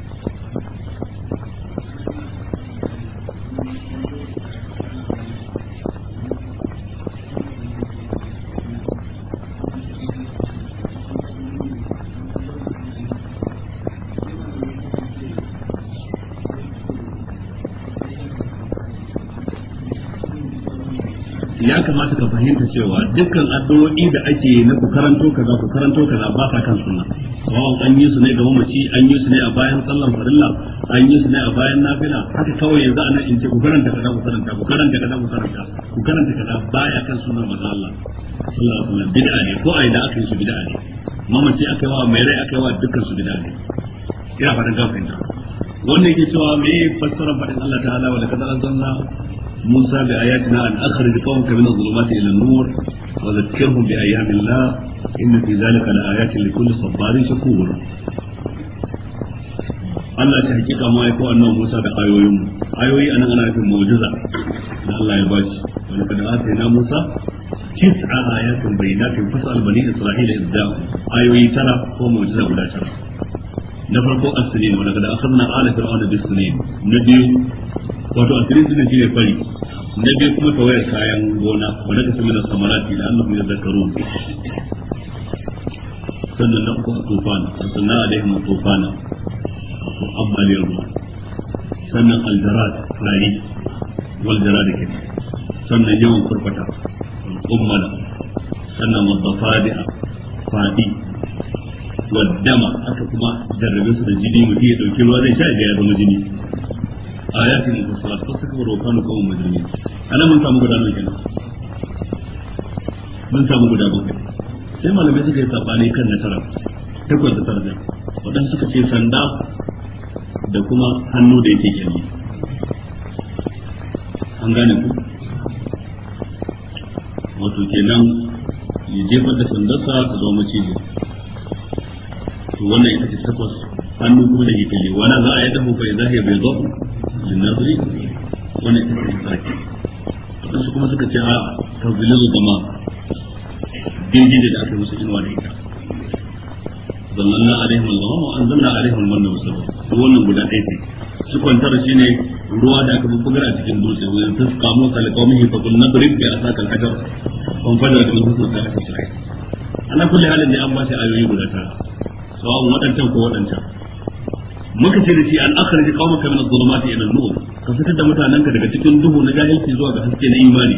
kamata ka fahimta cewa dukkan addu'o'i da ake na ku karanto kaza ku karanto kaza ba sa kan sunna sawan an yi su ne ga mamaci an yi su ne a bayan sallar farilla an yi su ne a bayan nafila haka kawai yanzu ana in ce ku karanta kaza ku karanta ku karanta kaza ku karanta ku karanta kaza baya kan sunna manzo Allah sallallahu alaihi bid'a ne ko ai da aka yi su bid'a ne mamaci aka yi wa mai rai aka yi wa dukkan su bid'a ne ina fatan ka fahimta wannan yake cewa me fassara fadin Allah ta'ala wa laqad anzalna موسى بآياتنا أن أخرج قومك من الظلمات إلى النور وذكرهم بأيام الله إن في ذلك لآيات لكل صبار شكور Allah ta hakika ma ya ko annabi Musa da ayoyin mu ayoyi anan ana nufin mu'jiza da Allah ya bashi wani kada ata na Musa tis'a ayatin bayyinatin fasal bani Isra'ila idda ayoyi tara ko mu'jiza guda tara na farko as-sinin wa laqad akhadna ala fir'auna bis-sinin na biyu wato asirin sunan shine fari na biyu kuma tawayar kayan gona wanda ka sami da samarati da annabi da zakarun sannan na uku a a a sannan alaihim tufana ko ambaliyar ruwa sannan aljarat rani wal da ke sannan yawan kurfata ummala sannan wadafadi'a fadi wadama aka kuma jarrabe su da jini mutum ya dauki ruwa zai sha ga ya zama jini ayatin al-mursalat fa takbaru wa kanu qawman mujrimin ana mun samu guda nan kenan mun samu guda bakwai sai malamai suka yi sabani kan nasara takwas da tara waɗansu suka ce sanda da kuma hannu da yake kyalli an gane ku wato kenan ya jefar da sandarsa ta zama maciji to wannan ita ce takwas hannu kuma da kalli wala za a yadahu fa idza hiya bayda lin nazri wani tsaki su kuma suka ce a tazlilu zama dindin da aka musu inuwa da ita zallanna alaihim al-ghamam wa anzalna alaihim al-manna wa Su duk wannan guda ɗaya ce su kwantar shine ruwa da aka bubbugar a cikin dutse wajen tasqa musa li qaumihi fa qul nadrib bi asaka al-hajar fa fadara min husu ta asaka ana kulle halin da an ba shi ayoyi guda tara sawa waɗancan ko waɗancan. muka ce da shi an akhrij qaumaka min adh-dhulumati ila an-nur ka fitar da mutanenka daga cikin duhu na jahilci zuwa ga haske na imani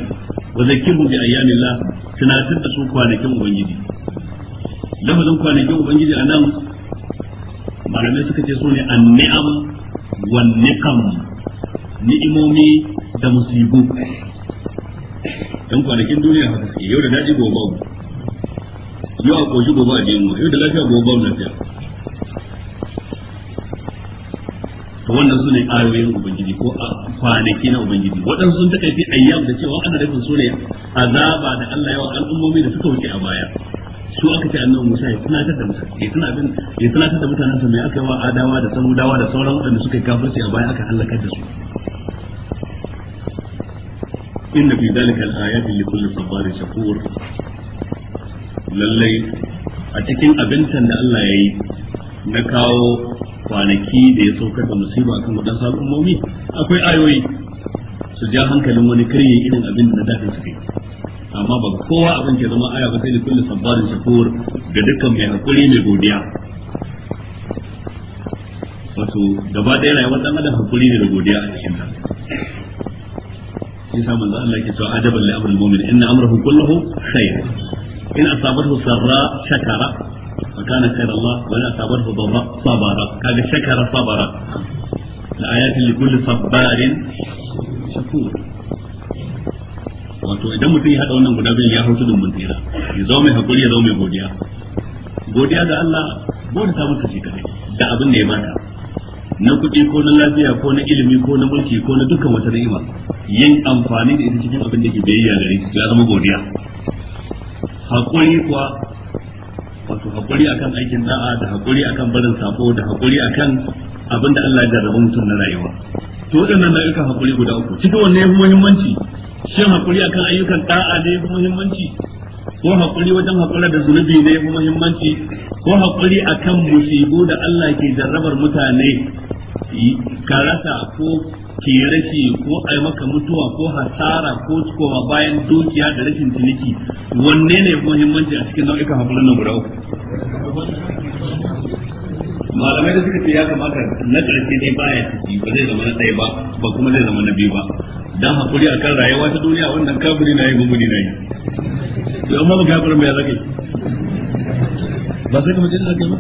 wa zakkihu bi ayyamillah tunatar da su kwanakin ubangiji lafazin kwanakin ubangiji a nan malamai suka ce ne an-ni'am wan niqam ni'imomi da musibu dan kwanakin duniya haka yau da daji gobe yau a koshi gobe a jemu yau da lafiya gobe na lafiya to wannan su ne ayoyin ubangiji ko a kwanaki na ubangiji waɗansu sun takaifi ayyam da cewa ana rufin su ne azaba da Allah yawa al'ummomi da suka wuce a baya su aka ce annabi Musa ya tunatar da Musa ya tuna bin ya tunatar da mutanen sa mai aka yi wa adawa da samudawa da sauran waɗanda suka kafirce a baya aka halaka da su inna fi zalika al-ayatin li kulli sabarin shakur lallai a cikin abincin da Allah ya yi na kawo kwanaki da ya saukar da musiba akan wadansu al'ummomi akwai ayoyi su ja hankalin wani karye irin abin da na dadin su amma ba kowa abin ke zama aya ba sai da kullu sabbarin shakur ga dukkan mai hakuri mai godiya wato gaba ɗaya rayuwar dan adam hakuri ne da godiya a cikin ta shi sa manzo Allah ke cewa ajaban li amrul mu'min inna amrahu kulluhu khair in asabathu sarra shakara وكان خير الله ولا أصابته ضراء صبرا كان شكر صبرا لآيات لكل صبار شكور wato idan mutum ya haɗa wannan guda biyu ya hau tudun mun tsira ya zama mai hakuri ya zama mai godiya godiya ga Allah gode ta masa shi kadai da abin da ya bata na kuɗi ko na lafiya ko na ilimi ko na mulki ko na dukkan wata ni'ima yin amfani da ita cikin abin da ke bayyana gare shi ya zama godiya hakuri kuwa wato hakuri akan aikin da'a da hakuri akan barin sako da hakuri akan abin da Allah ya jarraba mutum na rayuwa to waɗannan nau'ikan hakuri guda uku cikin wanne yafi muhimmanci shin hakuri akan ayyukan da'a ne yafi muhimmanci ko hakuri wajen hakura da zunubi ne yafi muhimmanci ko hakuri akan musibu da Allah ke jarrabar mutane ka rasa ko ki rashi ko a yi maka mutuwa ko hasara ko cikowa bayan dukiya da rashin ciniki wanne ne muhimmanci a cikin nau'ikan hakulan na guda uku malamai da suka ce ya kamata na ƙarshe ne baya ciki ba zai zama na ɗaya ba ba kuma zai zama na biyu ba dan hakuri akan rayuwa ta duniya wannan kafiri na yi gumuni na yi to amma ba kafirin ba ya ba sai kuma jin zaka ba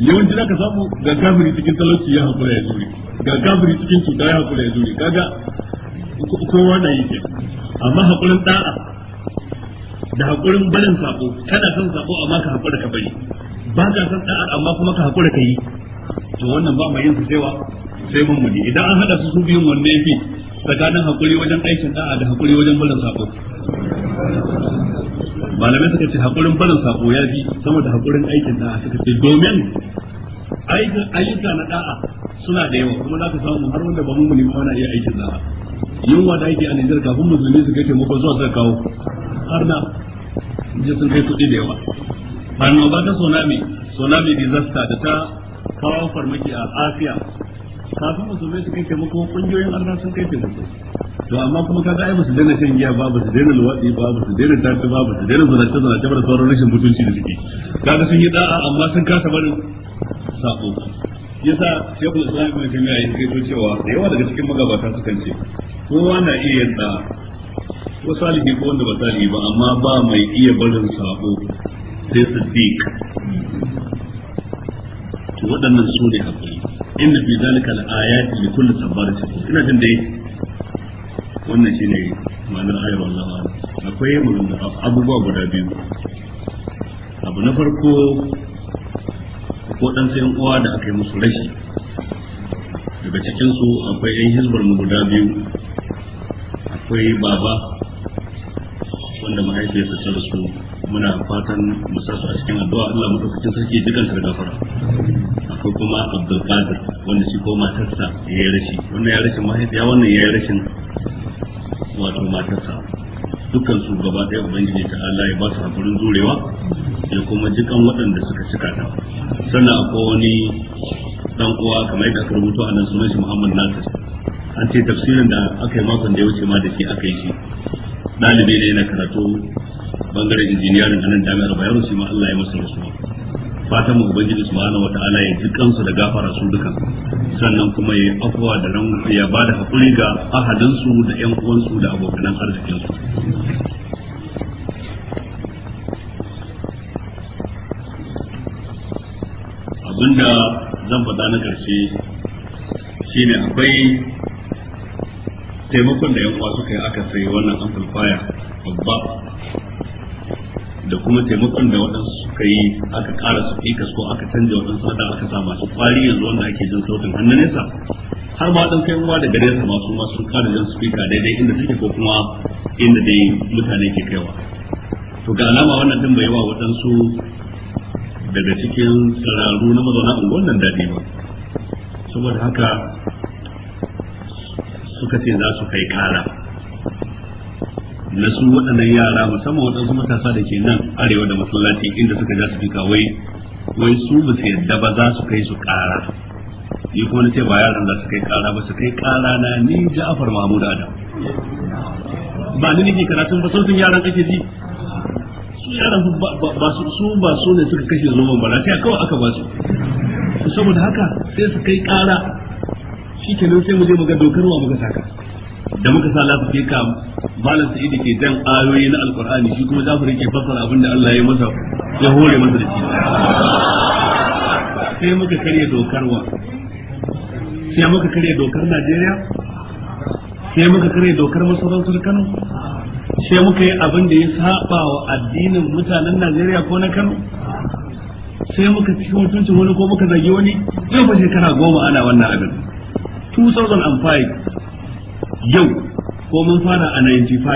yawanci zaka samu ga kafiri cikin talauci ya hakura ya zuri ga kafiri cikin cuta ya hakura ya zuri kaga kowa na yi ke amma hakurin da'a da hakurin barin sako kada son sako amma ka hakura ka bari ba ka son da'a amma kuma ka hakura ka yi to wannan ba mai yin su cewa sai mun muni idan an hada su su biyun wanne yafi tsakanin hakuri wajen aikin da'a da hakuri wajen barin sako malamai suka ce hakurin barin sako ya bi sama da hakurin aikin da'a suka ce domin aikin ayyuka na da'a suna da yawa kuma za ka samu har wanda ba mummuni ba ma iya aikin da'a yunwa da ake a Nijar kafin musulmi su kai taimako zuwa suka kawo har na je sun kai kuɗi da yawa annoba ta tsunami tsunami disaster da ta kawo farmaki a Asiya kafin musulmi su kai taimako kungiyoyin arna sun kai taimako to amma kuma kaga ai musu daina shan giya babu su daina luwaɗi babu su daina tarti babu su daina zanace zanace ta da sauran rashin mutunci da suke kaga sun yi da'a amma sun kasa barin sako yasa shekul islam ibn taymiya ya kai cewa da yawa daga cikin magabata sukan ce kowa na iya yin da'a ko salihi ko wanda ba salihi ba amma ba mai iya barin sako sai siddiq waɗannan su ne hakuri inna fi zalika al-ayati li kulli sabarin shakur ina jin dai wannan shine ma'anar ayar wallahi akwai abubuwa guda biyu abu na farko ko dan sayan uwa da aka yi musu rashi daga cikin su akwai yan hisbar mu guda biyu akwai baba wanda mahaifiyarsa ta rasu muna fatan mu a cikin addu'a Allah madaukakin sarki jikan da gafara ko kuma qadir wanda shi ko matarsa ya rashi wannan ya rashin mahaifiya wannan ya yi rashin wato matarsa dukkan su gaba ɗaya ubangiji ta Allah ya ba su hakurin zurewa ya kuma jikan waɗanda suka cika ta sannan akwai wani dan uwa kamar yadda aka rubuta a nan sunan shi Muhammad Nasir an ce tafsirin da aka yi makon da ya wuce ma da shi aka yi shi ɗalibi ne na karatu bangaren injiniyarin a nan jami'ar Bayero shi ma Allah ya masa rasuwa fatan mu ubangiji subhanahu wataala ya ji kansu da gafara su dukan sannan kuma ya afwa da ran ya bada hakuri ga ahadin su da yan uwan su da abokan arzikin su abinda zan faɗa na ƙarshe shine akwai taimakon da yan uwa suka yi aka sai wannan amplifier babba da kuma taimakon da waɗansu suka yi aka ƙara su fika ko aka canja waɗansu haɗa aka sa masu ƙwari yanzu wanda ake jin sautin hannun nesa har ma ɗan kai ruwa daga nesa masu masu sun ƙara jin fika daidai inda suke ko kuma inda dai mutane ke kaiwa to ga alama wannan din bai wa waɗansu daga cikin sararu na mazauna unguwar nan daɗi ba saboda haka suka ce za su kai ƙara. na su waɗannan yara musamman waɗansu matasa da ke nan arewa da masallaci inda suka ja su duka wai wai su ba su yadda ba za su kai su ƙara ni kuma na ce ba yaran za su kai ƙara ba su kai ƙara na ni Ja'far Mahmud Adam ba ni nake karatun ba sautin yaran ake ji su yaran ba su su ba su ne suka kashe zoban ba lafiya kawai aka ba su saboda haka sai su kai ƙara nan sai mu je mu ga dokar wa ga saka da muka sa lafi ka malam da ke jan ayoyi na alqur'ani shi kuma jafari ke fassara abinda Allah ya masa ya hore masa da shi sai muka karya dokar wa sai muka karya dokar Najeriya sai muka karya dokar masarautar Kano sai muka yi abin da ya saba wa addinin mutanen Najeriya ko na Kano sai muka ci mutuncin wani ko muka zagi wani yau ba shekara goma ana wannan abin 2005 yau ko mun fara a 95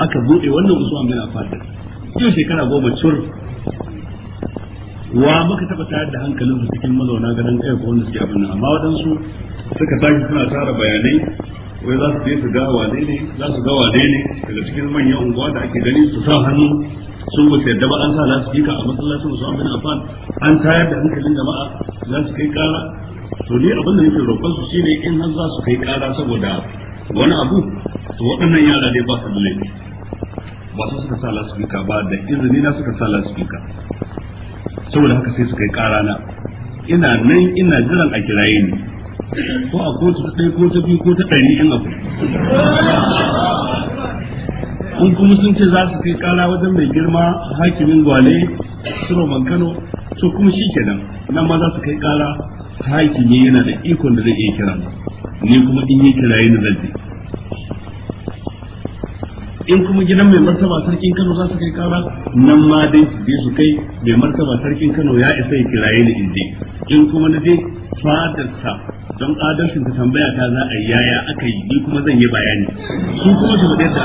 aka buɗe wannan usman bin fadar yau shekara goma cur wa muka taba tayar da hankalin su cikin mazauna ganin kai ko wanda suke abin nan amma waɗansu suka tashi suna tara bayanai wai za su je su ga wane ne za su ga wane ne daga cikin manyan unguwa da ake gani su sa hannu sun ba su yadda ba an sa za su yi ka a masallacin su amin afan an tayar da hankalin jama'a za su kai kara to ni abin da nake roƙon su shine in har za su kai kara saboda wani abu to waɗannan yara dai ba su da laifi ba su suka sa lasfika ba da izini na suka sa lasfika saboda haka sai suka yi ƙara na ina nan ina jiran a kiraye ni ko a kotu ta ɗaya ko ta biyu ko ta ɗari in abu in kuma sun ce za su kai ƙara wajen mai girma hakimin gwale suro kano to kuma shi kenan nan ma za su kai ƙara hakimi yana da ikon da zai iya kira ni kuma in yi kiraye ni zan in kuma gidan mai martaba sarkin Kano za su kai kara nan ma dai su je su kai mai martaba sarkin Kano ya isa ya kira ni in je in kuma na je fadarsa don adalcin ta tambaya ta za a yaya aka yi ni kuma zan yi bayani su kuma su da aka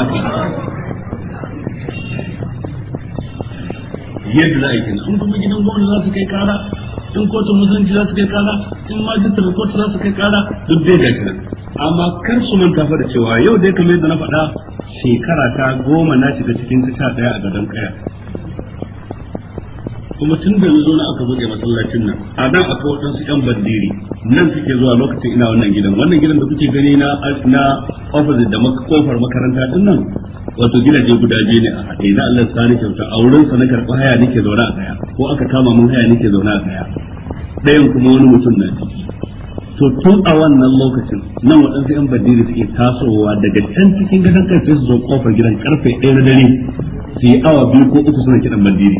yi yadda za a yi kina in kuma gidan gwamnati za su kai kara in kotun musulunci za su kai kara in majistar kotu za su kai kara duk dai gashi nan amma kar su manta fa da cewa yau dai kamar yadda na faɗa shekara ta goma na shiga cikin ta sha ɗaya a gadon kaya kuma tun da na zo na aka buɗe masallacin nan a nan aka waɗansu ƴan bandiri nan suke zuwa lokacin ina wannan gidan wannan gidan da kuke gani na na ofis da kofar makaranta din nan wato gidaje guda biyu ne a haɗe na Allah sani kyauta a wurin sa na karɓi haya nake zaune a daya ko aka kama mun haya nake zaune a daya ɗayan kuma wani mutum na ciki to tun a wannan lokacin nan waɗansu 'yan bandiri suke tasowa daga can cikin gidan karfe su zo kofar gidan karfe ɗaya na dare su yi awa biyu ko uku suna kiɗan bandiri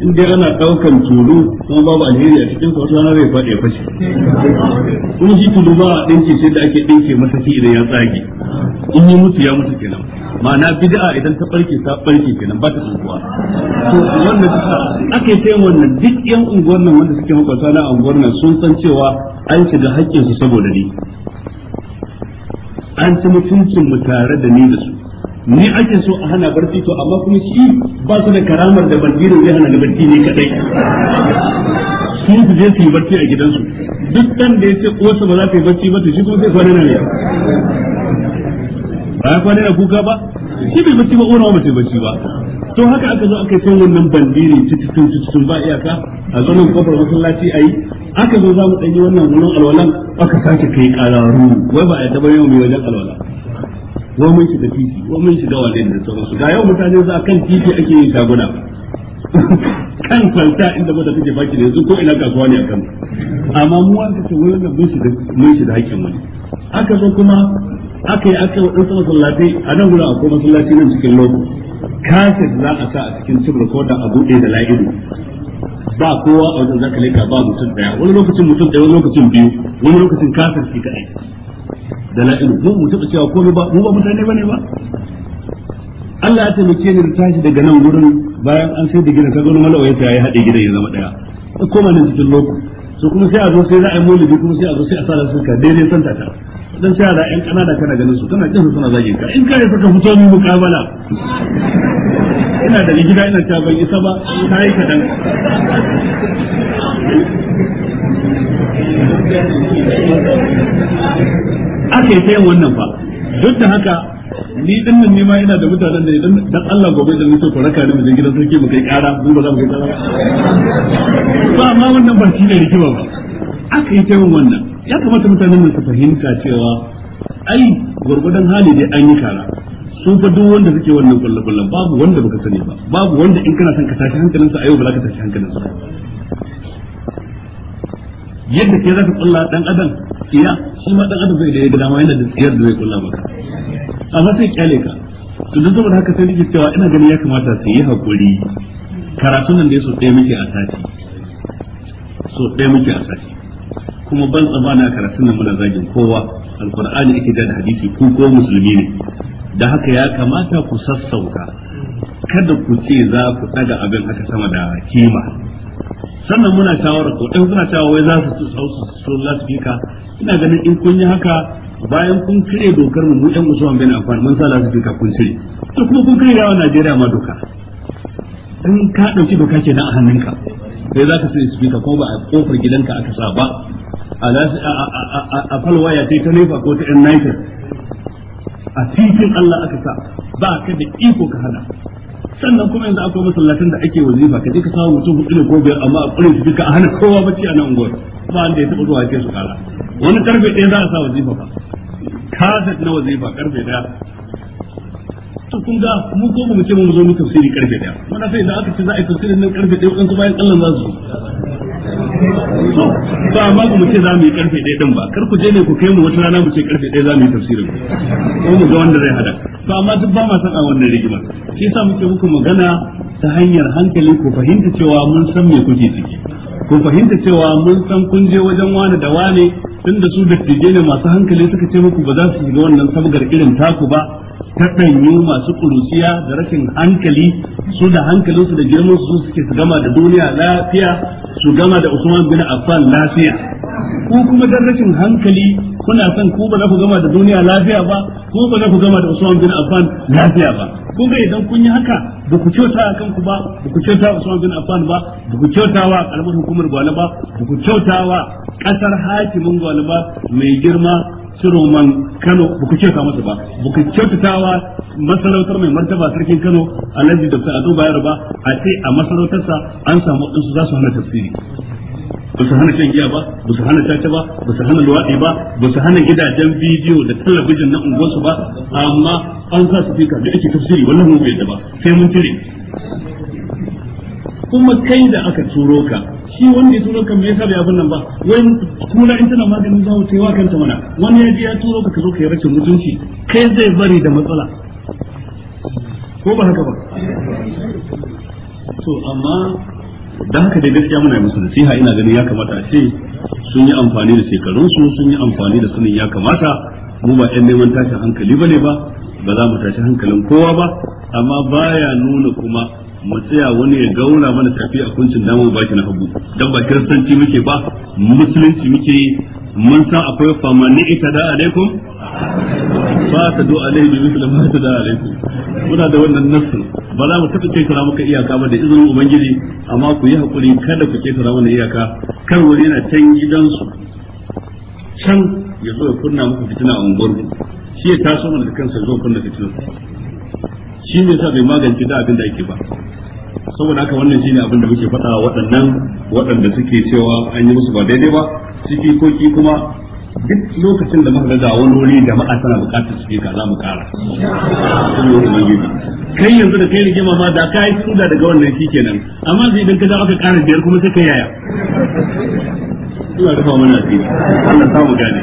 in dai ana daukan tulu kuma babu alheri a cikin ko sai zai faɗi ya fashi kuma shi tulu ba a ɗinke sai da ake dinke masa shi idan ya tsage in yi mutu ya mutu kenan ma'ana bid'a idan ta barke ta barke kenan ba ta tsuwa to wannan ake sai wannan duk yan unguwar nan wanda suke makwasa na unguwar nan sun san cewa an shiga haƙƙinsu saboda ni an ci mutuncin mu tare da ni da su ni ake so a hana barci to amma kuma shi ba su da karamar da bandiro ya hana da barci ne kadai sun su je su yi barci a gidansu duk dan da ya ce kosa ba za ta yi barci ba to shi kuma sai kwana na ne ba ya kwana na kuka ba shi bai barci ba ona ba mace barci ba to haka aka zo aka yi wannan bandiri tututun tututun ba iyaka a zonin kofar masallaci a yi aka zo za mu ɗanyi wannan wurin alwalan aka sake kai ƙararru wai ba a taɓa yau mai wajen alwala Wa mun shiga titi wa mun shiga wajen da sauransu ga yau mutane za kan titi ake yin shaguna kan kwalta inda ba da kake baki da yanzu ko ina kasuwa ne a kan amma mu an kace wurin da mun shiga mun shiga hakkin wani. aka zo kuma aka yi aka wadansu masallatai a nan gurin akwai masallaci nan cikin loko kaset za a sa a cikin cin ko a buɗe da la'idu ba kowa a wajen zaka leka ba mutum daya wani lokacin mutum daya wani lokacin biyu wani lokacin kaset ki kadai na mu mun mutu cewa ko ba mu ba mutane bane ba Allah ya taimake ni tashi daga nan gurin bayan an sai da gidan ta gano malawa yace yayi hade gidan ya zama daya koma nan cikin loko so kuma sai a zo sai za a yi mulki kuma sai a zo sai a sa su ka daidai san ta dan sai da yan da kana ganin su kana jin su suna zagin ka in ka yi saka fito ni mukabala ina da gida ina ta ban isa ba ta yi kadan ake yi sayan wannan fa duk da haka ni din nan nima ina da mutanen da idan dan Allah gobe da mutum ko raka ne mu je gidan sarki mu kai kara mu ba za mu kai kara ba amma wannan ba shi ne rigima ba aka yi sayan wannan ya kamata mutanen nan su fahimta cewa ai gurgudan hali dai an yi kara su fa duk wanda suke wannan kullu babu wanda baka sani ba babu wanda in kana son ka tashi hankalinsa a yau ba za ka tashi hankalinsa yadda ke zaka kulla dan adam iya shi ma dan adam zai da yadda dama yana da tsiyar da zai kulla maka amma sai kyale ka to duk saboda haka sai nake cewa ina ganin ya kamata su yi hakuri karatun nan da yaso ɗaya muke a sati so ɗaya muke a sati kuma ban na karatun nan muna zagin kowa alqur'ani ake da hadisi ku ko musulmi ne da haka ya kamata ku sassauka kada ku ce za ku ɗaga abin haka sama da kima sannan muna shawara ko dan kuna cewa wai za su su su fika ina ganin in kun yi haka bayan kun kire dokar mu mu ɗan usman bin amfani mun sa fika kun sai to kuma kun kire yawon Najeriya ma doka in ka ɗauki doka na a hannunka sai za ka sai fika ko ba a kofar gidanka aka sa ba a ya ce ta nefa ko ta yan naifin a titin Allah aka sa ba ka da iko ka hana sannan kuma yanzu akwai masallatan da ake wazifa kaje ka samu mutum hudu ne ko biyar amma a kure su duka a hana kowa bacci a nan gwar ba wanda ya taɓa zuwa ke su kara wani karfe ɗaya za a sa wazifa fa kasa na wazifa karfe ɗaya to kun ga mu ko mu ce mu zo mu tafsiri karfe ɗaya, mana sai da aka ce za a yi tafsirin nan karfe kan su bayan Allah za su to ba amma mu ce za mu yi karfe ɗaya ɗin ba kar ku je ne ku kai mu wata rana mu ce karfe ɗaya za mu yi tafsirin ko mu ga wanda zai hada to amma duk ba ma san a wannan rigimar shi yasa muke muku magana ta hanyar hankali ku fahimta cewa mun san me kuke ciki ku fahimta cewa mun san kun je wajen wani da wane tunda su dattijai ne masu hankali suka ce muku ba za su shiga wannan sabgar irin taku ba ta ɗanyu masu kurusiya da rashin hankali su da hankalinsu da girman su suke su gama da duniya lafiya su gama da Usman bin Affan lafiya ko kuma dan rashin hankali kuna son ku ba za ku gama da duniya lafiya ba ku ba za ku gama da Usman bin Affan lafiya ba ku ga idan kun yi haka ba ku kyauta a kanku ba ba ku kyauta Usman bin Affan ba ba ku kyauta wa karamar hukumar Gwale ba ba ku kyauta wa kasar hakimin Gwale ba mai girma Suruman Kano ba ku kyauta masa ba ba ku kyauta wa masarautar mai martaba sarkin Kano Alhaji Dr. Ado Bayero ba a ce a masarautarsa an samu wadansu za su hana tafsiri ba su hana shan giya ba ba su hana caca ba ba su hana luwaɗi ba ba su hana gidajen bidiyo da talabijin na unguwarsu ba amma an sa su fika da ake tafsiri wannan mu bai da ba sai mun tire kuma kai da aka turo ka shi wanda ya turo ka me yasa bai abin nan ba wai kula in tana maganin zawo sai wa kanta mana wani ya ji ya turo ka ka zo ka yi rashin mutunci kai zai bari da matsala ko ba haka ba to amma dan haka dai gaskiya muna musu nasiha ina ganin ya kamata a ce sun yi amfani da shekarunsu sun yi amfani da sanin ya kamata mu ba yan neman tashin hankali bane ba ba za mu tashi hankalin kowa ba amma baya nuna kuma mu tsaya wani ya gauna mana tafi a kuncin namu ba shi na hagu don ba kiristanci muke ba musulunci muke yi mun san akwai famani ita da alaikum ba ta do alaihi bi misli ma ta da alaikum muna da wannan nassu ba za mu tafi ketara maka iyaka ba da izinin ubangiji amma ku yi hakuri kada ku ketara mana iyaka kar wani yana can gidansu can ya zo ya kunna muku fitina a unguwarku shi ya taso mana da kansa zo kunna fitina shi ne sa bai magance da abin da ake ba saboda haka wannan shine abin da muke faɗa waɗannan waɗanda suke cewa an yi musu ba daidai ba ciki ko ki kuma duk lokacin da muka ga wani wuri jama'a tana buƙatar su ka za mu ƙara kai yanzu da kai rike ma da kai tunda daga wannan kenan amma sai idan ka da aka ƙara biyar kuma sai ka yaya ina rufa mana asiri Allah samu gane